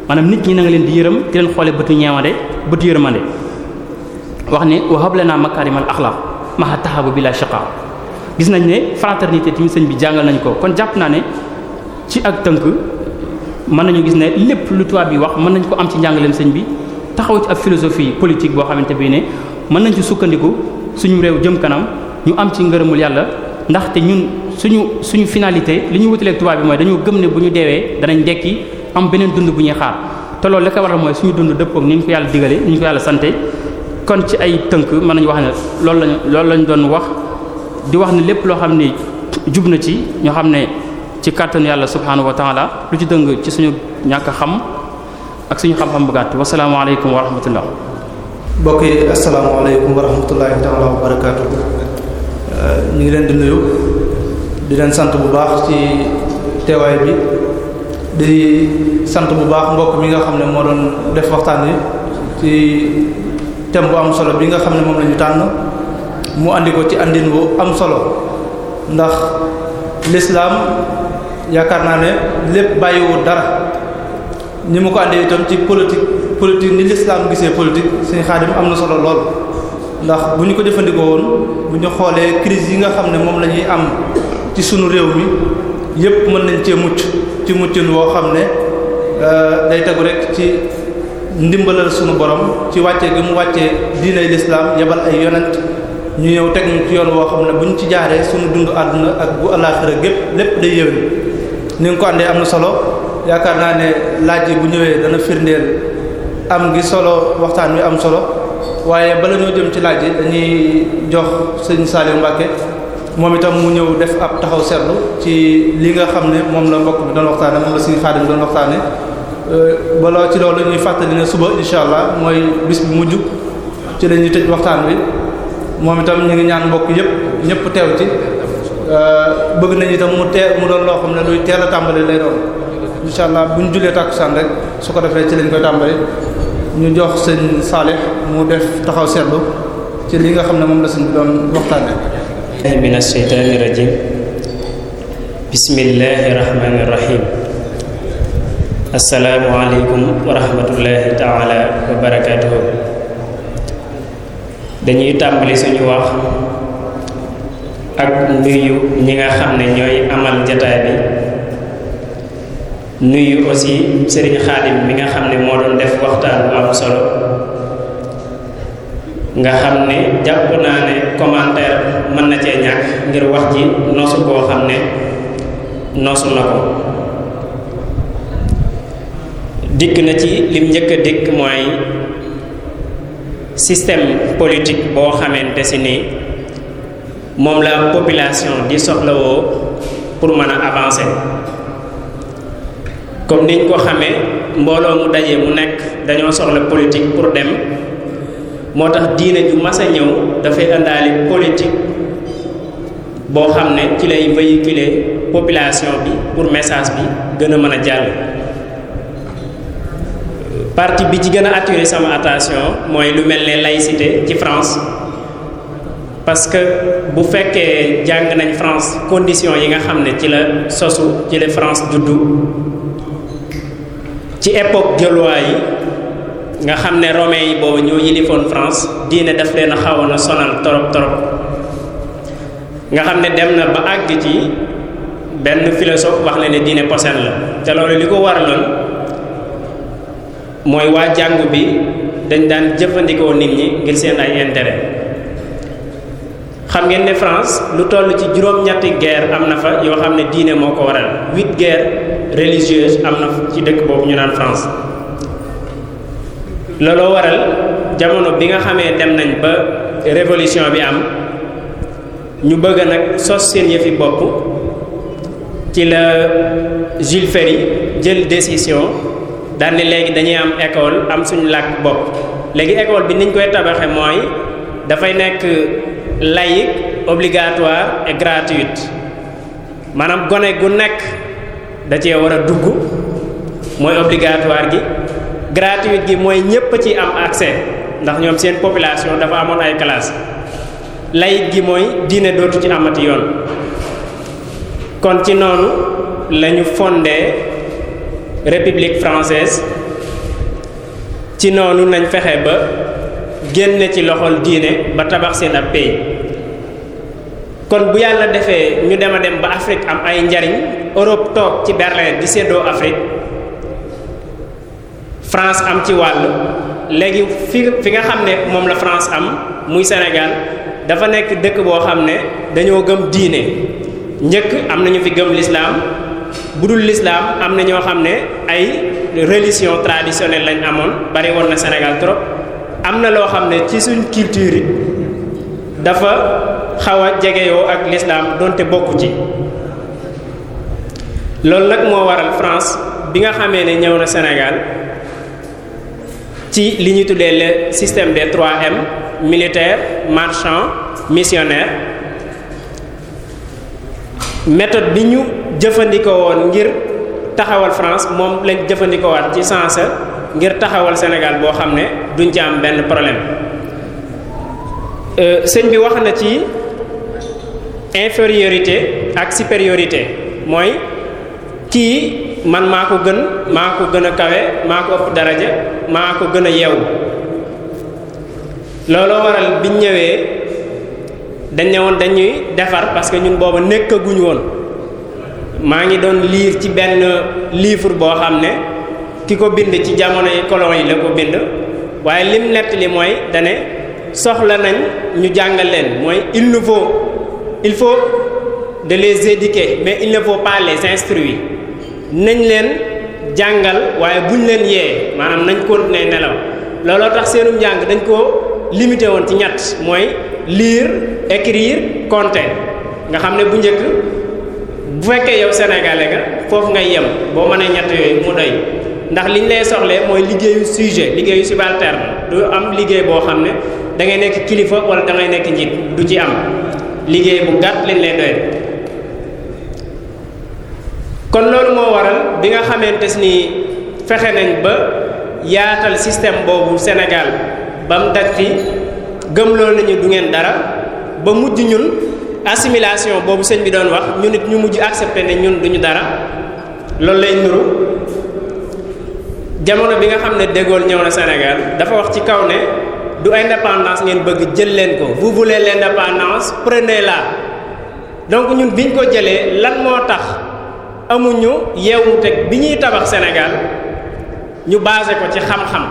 maanaam nit ñi na leen di yërëm di leen xoole bëtu ñeewande bëtu yërëmande wax ne wa hablana makarimal axla maha tahabu bila shaqa gis nañ ne fraternité tamit sëñ bi jàngal nañ ko kon jàpp naa ne ci ak tënk mën nañu gis ne lépp lu tubaab bi wax mën nañ ko am ci njàngaleem sëñ bi taxaw ci ab philosophie politique boo xamante bi ne mën nañ ci sukkandiku suñu réew jëm kanam ñu am ci ngërëmul yàlla ndaxte ñun suñu suñu finalité li ñu wutaleeg tubaab bi mooy dañoo gëm ne bu ñu deewee danañ dekki am beneen dund bu ñuy xaar te loolu li ko waral mooy suñu dund dëppook ni ñu ko yàlla digalee ni ñu ko yàlla sante kon ci ay tënk mën nañu wax ne lool lañ loolu lañ doon wax di wax ne lépp loo xam ne jub na ci ñoo xam ne ci kàttanu yàlla subhaanahu wa taala lu ci dëng ci suñu ñàkk xam ak suñu xam-xam bu gàtt wasalaamaaleykum wa rahmatullah mbokk yi asalaamaaleykum wa rahmatullahi taala wa barakaatu euh, ñu ngi leen di nuyu di leen sant bu baax ci teewaay di sant bu baax mbokk mi nga xam ne moo doon def waxtaan wi ci thème bu am solo bi nga xam ne moom la ñu tànn mu àndi ko ci andin bu am solo ndax lislaam yaakaar naa ne lépp bàyyiwu dara ni mu ko andee itam ci politique politique ni lislaam gisee politique suñu xaadim am na solo lool ndax bu ñu ko jëfandikoo woon bu ñu xoolee crise yi nga xam ne moom lañuy am ci sunu réew mi yépp mën nañ cee mucc mucc muccin woo xam ne euh, day tegu rekk ci ndimbalal sunu borom ci wàcce gi mu wàccee diinay lislaam yebal ay yonent ñu ñëw teg ñu ci yoon woo xam ne bu ñu ci jaaree sunu dund àdduna ak bu alaaxira gépp lépp day yéwén ni nga ko àndee am na solo yaakaar naa ne laaj yi bu ñëwee dana firndeel am gi solo waxtaan wi am solo waaye bala ñoo jëm ci laaj yi dañuy jox sëñ Saliou Mbacke moom itam mu ñëw def ab taxaw seetlu ci li nga xam ne moom la mbokk bi doon waxtaane moom la suñu xaadim doon waxtaane euh, balaa ci loolu ñuy fàttali ne suba incha allah mooy bis bi mujj ci la ñuy tëj waxtaan bi moom itam ñu ngi ñaan mbokk yëpp ñëpp teew ci euh, bëgg nañu itam mu teel mu doon loo xam ne luy teer a tàmbali lay doon incha allah bu ñu jullee tàkkusaan rek su ko defee ci lañ koy tàmbali ñu jox seen Salih mu def taxaw sellu ci li nga xam ne moom la suñ doon من الشيطان الرجيم بسم الله الرحمن الرحيم السلام عليكم dañuy tàmbali suñu wax ak nuyu ñi nga xam ne ñooy amal jataay bi nuyu aussi Serigne Khadim mi nga xam ne moo doon def waxtaan bu am solo nga xam ne jàpp naa ne commentaire mën na cee ñàkk ngir wax ji noosu koo xam ne noosu na ko dikk na ci lim njëkk a dikk mooy système politique boo xamante si ni moom la population di soxlawoo pour mën a avancer comme niñ ko xamee mbooloo mu daje mu nekk dañoo soxla politique pour dem moo tax diine ju mas a ñëw dafay àndaale politique boo xam ne ci lay véhiculer population bi pour message bi gën a mën a jàll parti bi ci gën a attiré sama attention mooy lu mel ne laïcité ci France parce que bu fekkee jàng nañ France condition yi nga xam ne ci la sosu ci la France juddu ci époque de yi nga xam ne romain yi boobu ñoo yilifoon France diine daf leen a xawoon a sonal torop torop nga xam ne dem na ba àgg ci benn philosophe wax na ne diine posen la te loolu li ko waraloon mooy waa jàngu bi dañ daan jëfandikoo nit ñi ngir seen ay intérêt xam ngeen ne France lu toll ci juróom-ñetti guerre am na fa yoo xam ne diine moo ko waral huit guerres religieuses am na ci dëkk boobu ñu naan France looloo waral jamono bi nga xamee dem nañ ba révolution bi am ñu bëgg nag sos seen yëfi bopp ci la Jules Ferry jël décision daal ni léegi dañuy am école am suñu làkk bopp léegi école bi niñ koy tabaxe mooy dafay nekk laïque obligatoire et gratuite maanaam gone gu nekk da cee war a dugg mooy obligatoire gi gratuite gi mooy ñépp ci am accès ndax ñoom seen population dafa amoon ay classe layit gi mooy diine dootu ci amati yoon kon ci noonu lañu fondé république française ci noonu nañ fexe ba génne ci loxol diine ba tabax seen ab pays kon bu yàlla defee ñu dem a dem ba Afrique am ay njariñ Europe toog ci Berlin di séddoo Afrique France am ci wàll léegi fi fi nga xam ne moom la France am muy Sénégal dafa nekk dëkk boo xam ne dañoo gëm diine njëkk am nañu fi gëm l'islam bu dul l'islam am na ñoo xam ne ay religion traditionnelle lañ amoon bari woon na Sénégal trop am na loo xam ne ci suñ culture yi dafa xaw a jegeyoo ak l'islam donte bokku ci loolu nag moo waral France bi nga xamee ne ñëw na Sénégal ci li ñuy tuddee le système des 3M militaire marchand missionnaire méthode bi ñu jëfandikoo woon ngir taxawal France moom lañ jëfandikoo waat ci sens ngir taxawal Sénégal boo xam ne du ci benn problème euh, sëñ bi wax na ci infériorité ak supériorité mooy. kii man maa ko gën maa ko gën a kawe maa ko ëpp daraja maa ko gën a yeewu looloo waral biñ ñëwee dañ ne woon dañuy defar parce que ñun booba nekkaguñu woon maa ngi doon liir ci benn livre boo xam ne ki ko bind ci jamono yi colon yi la ko bind waaye lim nett mooy dane soxla nañ ñu jàngal leen mooy il nous faut il faut de les éduquer mais il ne faut pas les instruire nañ leen jàngal waaye buñ leen yee maanaam nañ ko ne nelaw looloo tax seenu njàng dañ koo limité woon ci ñett mooy lire écrire compter nga xam ne bu njëkk bu fekkee yow senegale nga foofu ngay yem boo mënee ñett yooyu mu doy ndax liñ lay soxlee mooy liggéeyu sujet liggéeyu subalterne du am liggéey boo xam ne da ngay nekk kilifa wala da nekk njiit du ci am liggéey bu gàtt lañ lee doy kon loolu moo waral bi nga xamantes ni fexe nañ ba yaatal système boobu Sénégal ba mu daj fi gëmloo nañu du ngeen dara ba mujj ñun assimilation boobu sëñ bi doon wax ñu nit ñu mujj accepté ne ñun duñu dara loolu lay nuru jamono bi nga xam ne De Gaulle ñëw na Sénégal dafa wax ci kaw ne du indépendance ngeen bëgg jël leen ko vous leen l'indépendance prenez-la donc ñun biñ ko jëlee lan moo tax amuñu yeewu teg bi ñuy tabax Sénégal ñu baase ko ci xam-xam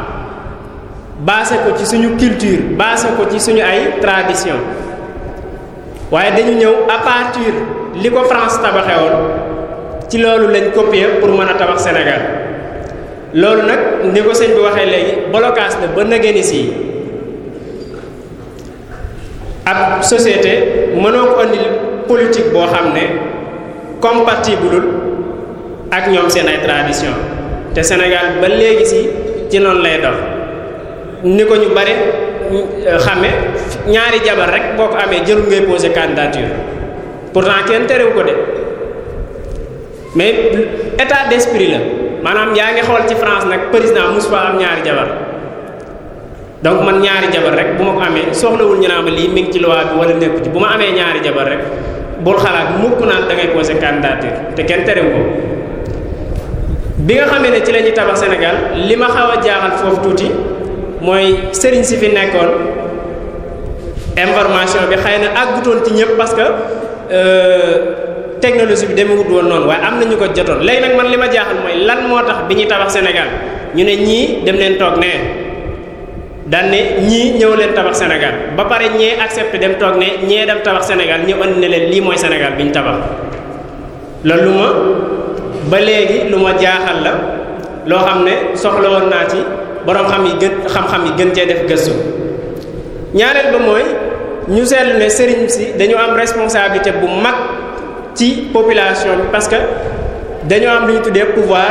basé ko ci suñu culture basé ko ci suñu ay tradition waaye dañu ñëw à li ko France tabaxewoon ci loolu lañ copier pour mën a tabax Sénégal loolu nag ni ko sëñ bi waxee léegi blocage la ba nageen si ab société mënoo ko indi politique boo xam ne compatible ak ñoom seen ay tradition te Sénégal ba léegi si ci noonu lay dox ni ko ñu bare euh, xame ñaari jabar rek boo ko amee jërul ngay poser candidature pourtant kenn terewu ko de mais état d'esprit la maanaam yaa ngi xool ci France nag président mosu fa am ñaari jabar donc man ñaari jabar rek bu ma ko amee soxlawul ñu naa ma lii mi ci loi bi wala nekku ci bu ma amee ñaari jabar rek bul xalaat mukk naan da ngay poser candidature te kenn terewu ko bi nga xamee ne ci la ñuy tabax Sénégal li ma xaw a jaaxal foofu tuuti mooy sëriñ si fi nekkoon information bi xëy na àggutoon ci ñëpp parce que euh, technologie bi demewut woon noonu waaye am na ñu ko jotoon léegi nag li ma jaaxal mooy lan moo tax bi ñuy tabax Sénégal ñu ne ñii dem leen toog ne daan ne ñii ñëw leen tabax Sénégal ba pare ñee accepté dem toog ne ñee dem tabax Sénégal ñëw andi ne leen lii mooy Sénégal bi ñu tabax loolu ma ba léegi lu ma jaaxal la loo xam ne soxla naa ci borom xam yi gën xam-xam yi gën cee def gëstu ñaareel ba mooy ñu seetlu ne sëriñ si dañu am responsabilité bu mag ci population bi parce que dañoo am lu tuddee pouvoir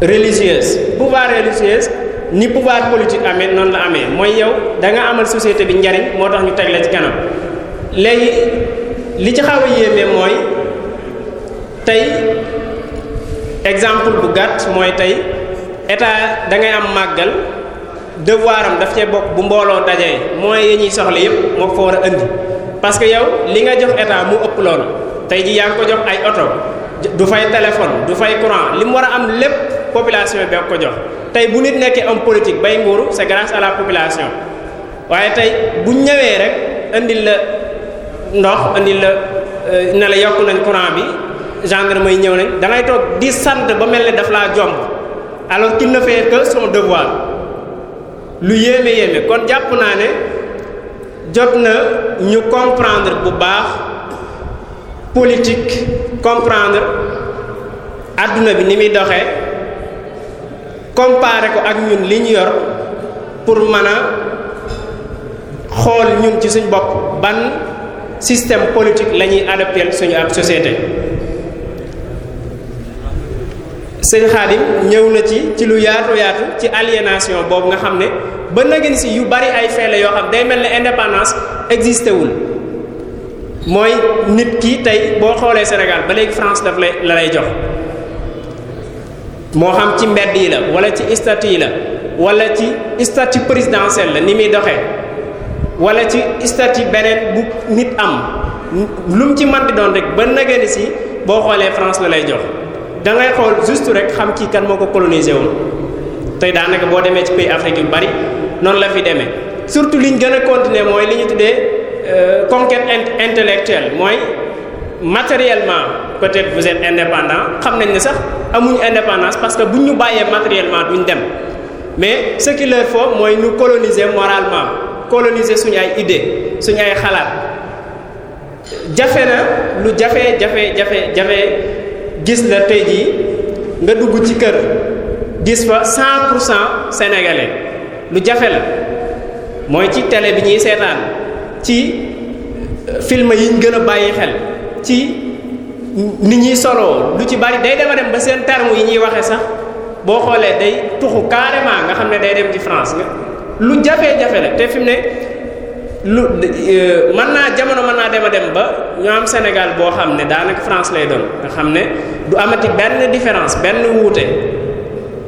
religieuse pouvoir religieuse ni pouvoir politique amee noonu la amee mooy yow da nga amal société bi njariñ moo tax ñu teg la ci kanam léegi li ci xaw yéeme mooy tey exemple bu gàtt mooy tey état da ngay am màggal devoiram daf cee bokk bu mbooloo dajee moyens yi ñuy soxla yépp moo ko war a indi parce que yow li nga jox état mu ëpp loolu tey ji yaa ngi ko jox ay oto du fay téléphone du fay courant li mu war a am lépp population bi ko jox tey bu nit nekkee homme politique bay nguuru c'est grâce à la population waaye tey bu ñëwee rek indil la ndox indil la euh, ne la yokk nañ courant bi gendarme may ñëw nañ da ngay toog di sant ba mel ne daf laa jomb alors qu'il ne fait que son devoir lu yéeme yéeme kon jàpp naa ne jot na ñu comprendre bu baax politique comprendre adduna bi ni muy doxee comparer ko ak ñun li ñu yor pour mën a xool ñun ci suñu bopp ban système politique la ñuy adopté suñu ab société sëñ Xaadim ñëw na ci ci lu yaatu yaatu ci aliénation boobu nga xam ne ba nagin si yu bari ay feele yoo xam day mel ne indépendance existé wul mooy nit ki tey boo xoolee Sénégal ba léegi France daf la lay jox moo xam ci mbedd yi la wala ci statut yi la wala ci statut présidentiel la ni muy doxee wala ci statut beneen bu nit am lu ci mën di doon rek ba nagin si boo xoolee France la lay jox. da ngay xool juste rek xam kii kan moo ko colonisé woon tey daanaka boo demee ci pays Afrique yu bari noonu la fi demee surtout li ñu gën continuer mooy li ñu tuddee euh, conquête intellectuelle mooy matériellement peut-être vous êtes indépendant xam nañ ne sax amuñ indépendance parce que buñ ñu bàyyee matériellement duñ dem mais ce qu'il leur mooy ñu coloniser moralement coloniser suñu ay idée suñu ay xalaat jafe na lu jafe jafe jafe jafe gis la tey jii nga dugg ci kër gis fa 100 cent sénégalais lu jafe la mooy ci tele bi ñuy seetaan ci euh, film yi ñu gën a bàyyi xel ci nit ñuy soloo lu ci bari day dema ba seen terme yi ñuy waxee sax boo xoolee day tuxu carrément nga xam ne day dem ci France nga lu jafe-jafe la te fi ne lu euh, mën naa jamono mën naa dem a dem ba ñu am Sénégal boo xam ne daanaka France lay doon nga xam ne du amati benn différence benn wuute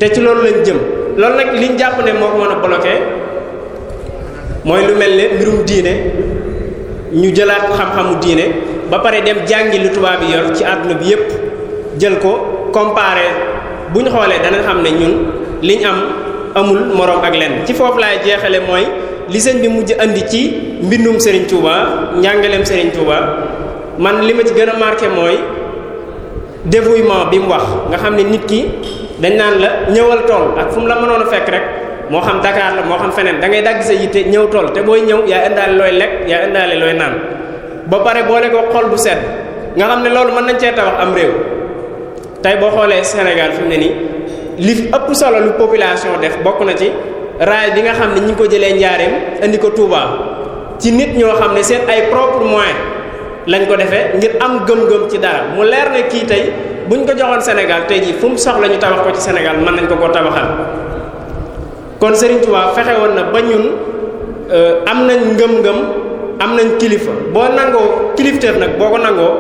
te ci loolu lañ jëm loolu nag liñ jàpp ne moo ko mën a bloqué mooy lu mel ne mbirum diine ñu jëlaat xam-xamu diine ba pare dem jàngi lu tubaab yi yor ci àdduna bi yépp jël ko comparé bu ñu xoolee dana xam ne ñun liñ am amul moroom ak leen ci foofu laay jeexale mooy li sëñ bi mujj indi ci mbindum Serigne Touba njàngaleem Serigne Touba man li ma ci gën a marqué mooy dévouement bi mu wax nga xam ne nit ki dañ naan la ñëwal tool ak fu la mënoon a fekk rek moo xam dakaar la moo xam feneen da ngay dagg sa yitte ñëw tool te booy ñëw yaa indaale looy lekk yaa indaale looy naan ba pare boole ko xol bu sedd nga xam ne loolu mën nañ cee tabax am réew tey boo xoolee Sénégal fi ne nii li ëpp solo lu population def bokk na ci. raay bi nga xam ne ñi ko jëlee njaareem indi ko Touba ci nit ñoo xam ne seen ay propre moyen lañ ko defee ngir am gëm-gëm ci dara mu leer ne kii tey buñ ko joxoon Sénégal tey jii fu mu soxla ñu tabax ko ci Sénégal mën nañ ko ko tabaxal kon Serigne Touba fexe woon na ba ñun euh, am na ngëm-ngëm am nañ kilifa boo nangoo kilifteef nag boo ko nangoo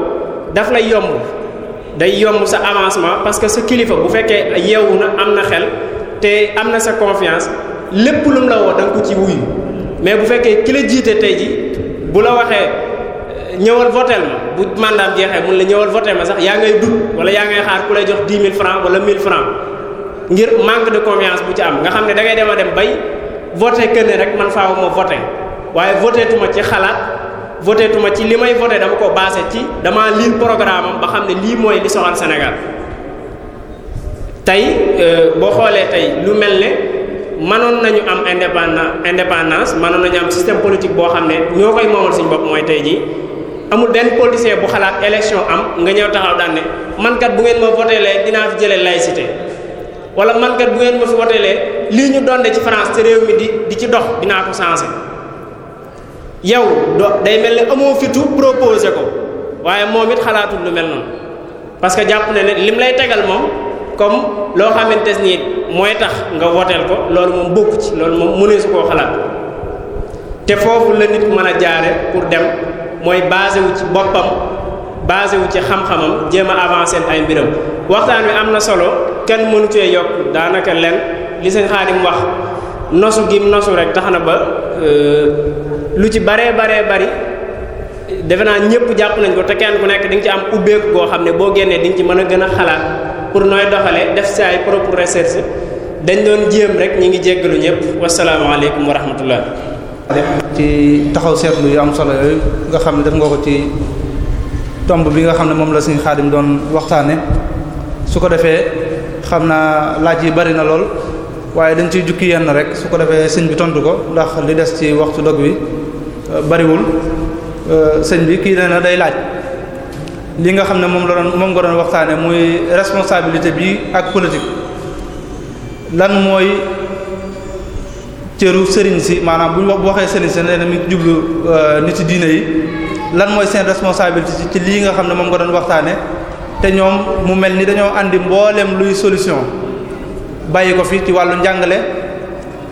daf la yomb day yomb sa avancement parce que sa kilifa bu fekkee yeewu na am na xel te am na sa confiance lépp lu mu la woo da ko ci wuyu mais bu fekkee ki la jiite tey ji bu la waxee euh, ñëwal votel ma bu mandaam jeexee mun la ñëwal votel ma sax yaa ngay dut wala yaa ngay xaar ku lay jox 10 000 francs wala 1000 francs ngir manque de confiance bu ci am nga xam ne da dem a dem bay voté que ne rek man faaw ma voté waaye voté tuma ci xalaat voté tuma ci li may voté dama ko basé ci dama lire programme am ba xam ne lii mooy li soxal Sénégal tey euh, boo xoolee tey lu mel ne mënoon nañu am indépendance indépendance mënoon nañu am système politique boo xam ne ñoo koy moomal suñu bopp mooy tey jii amul denn politicien bu xalaat élection am nga ñëw taxaw daan ne man kat bu ngeen ma votélee dinaa fi jëlee laïcité wala man kat bu ngeen ma fi lii ñu donde ci France te réew mi di di ci dox dinaa ko changé yow do day mel ne amoo fitu proposé ko waaye moom it xalaatul lu mel noonu parce que jàpp na ne lim lay tegal moom. comme loo xamante ni mooy tax nga woteel ko loolu moom bokku ci loolu moom mënee su koo xalaat te foofu la nit mën a jaare pour dem mooy basé wu ci boppam basé wu ci xam-xamam jéem a avancé ay mbiram waxtaan wi am na solo kenn mënu cee yokk daanaka len li sëñ Xaadim wax nosu gi nosu rek tax na ba euh, lu ci baree baree bari defe naa ñëpp jàpp nañ ko te kenn ku nekk dinga ci am ubbeeku goo xam ne boo génnee di ci mën a gën a xalaat pour nooy doxale def sa ay propre recherche dañ doon jéem rek ñi ngi jéggalu ñëpp wasalaamaaleykum wa rahmatullah ci taxaw seetlu yu am solo yooyu nga xam ne def nga ko ci tomb bi nga xam ne moom la suñu xaadim doon waxtaane su ko defee xam naa laaj yi bari na lool waaye dañ ciy jukki yenn rek su ko defee sëñ bi tontu ko ndax li des ci waxtu dog wi bariwul euh, sëñ bi kii nee na day laaj lii nga xam ne moom la doon moom nga doon waxtaane muy responsabilité bi ak politique lan mooy cëru sëriñ si maanaam bu bu waxee sëriñ si nee na mi jublu euh, nit ci diine yi lan mooy seen responsabilité ci lii nga xam ne moom nga doon waxtaane te ñoom mu mel ni dañoo andi mboolem luy solution bàyyi ko fi ci wàllu njàngale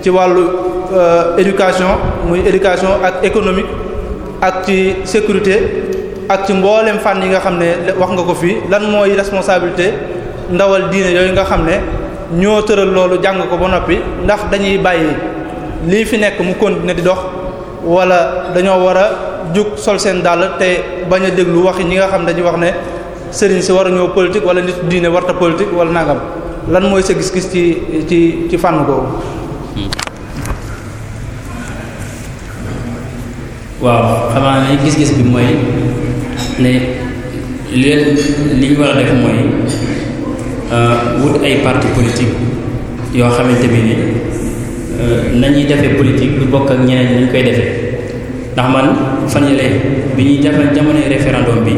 ci wàllu euh, éducation muy éducation ak économique ak ci sécurité ak ci mboolem fànn yi nga xam ne wax nga ko fii lan mooy responsabilité ndawal diine yooyu nga xam ne ñoo tëral loolu jàng ko ba noppi ndax dañuy bàyyi lii fi nekk mu continuer di dox wala dañoo war a jug sol seen dàll te bañ a déglu wax yi ñi nga xam ne dañuy wax ne sëriñ si waruñoo politique wala nit diine warta politique wala nangam lan mooy sa gis-gis ci ci ci fànn boobu. Hmm. waaw xamaa ne gis-gis bi mooy. ne leen li ñu war a def mooy euh, wut ay parti politique yoo xamante bi ni euh, nañuy defee politique lu bokk ak ñeneen ñi ñu koy defee ndax man fan yële bi ñuy jafe jamonoy référendum bi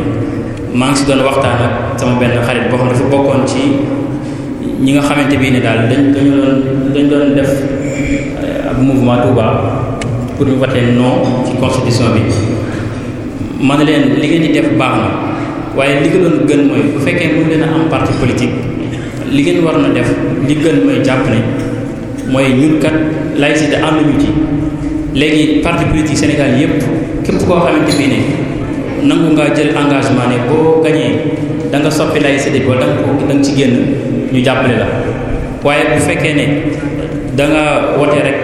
maa ngi si doon waxtaan ak sama benn xarit boo xam dafa bokkoon ci ñi nga xamante bi ni daal dañ dañu doon dañ doon def euh, ab mouvement Touba pour ñu voter non ci constitution bi ma ne leen li ngeen di def baax na waaye li ko doon gën mooy bu fekkee mu leen na am parti politique li ngeen war na def li gën mooy jàpp ne mooy ñun kat laïcité ànd ñu ci léegi parti politique Sénégal yépp képp koo xamante fii ne nangu ngaa jël engagement ne boo gañee da nga soppi laïcité bi wala da nga ko da nga ci génn ñu jàppale la waaye bu fekkee ne da nga wote rek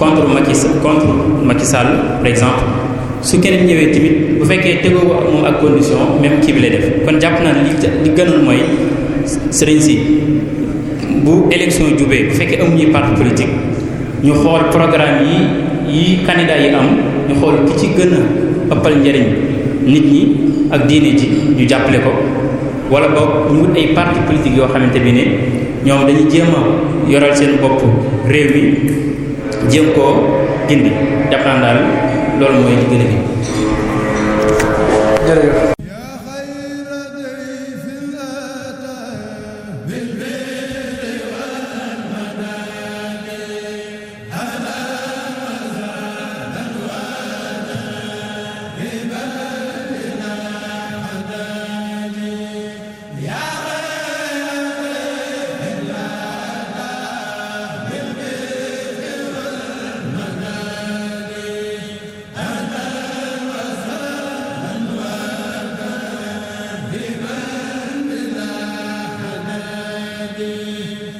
contre Macky contre Macky Sall par exemple su keneen ñëwee tamit bu fekkee tegoo ko moom ak condition même kii bi def kon jàpp naa li li gënoon mooy sëriñ si bu élection jubee bu fekkee amuñuy parti politique ñu xool programme yi yi candidat yi am ñu xool ki ci gën a ëppal njariñ nit ñi ak diine ji ñu jàppale ko wala boog ñu wut ay parti politique yoo xamante bi ne ñoom dañuy jéem a yoral seen bopp réew mi jéem koo gindi jàpp loolu mooy li gën a jërëjëf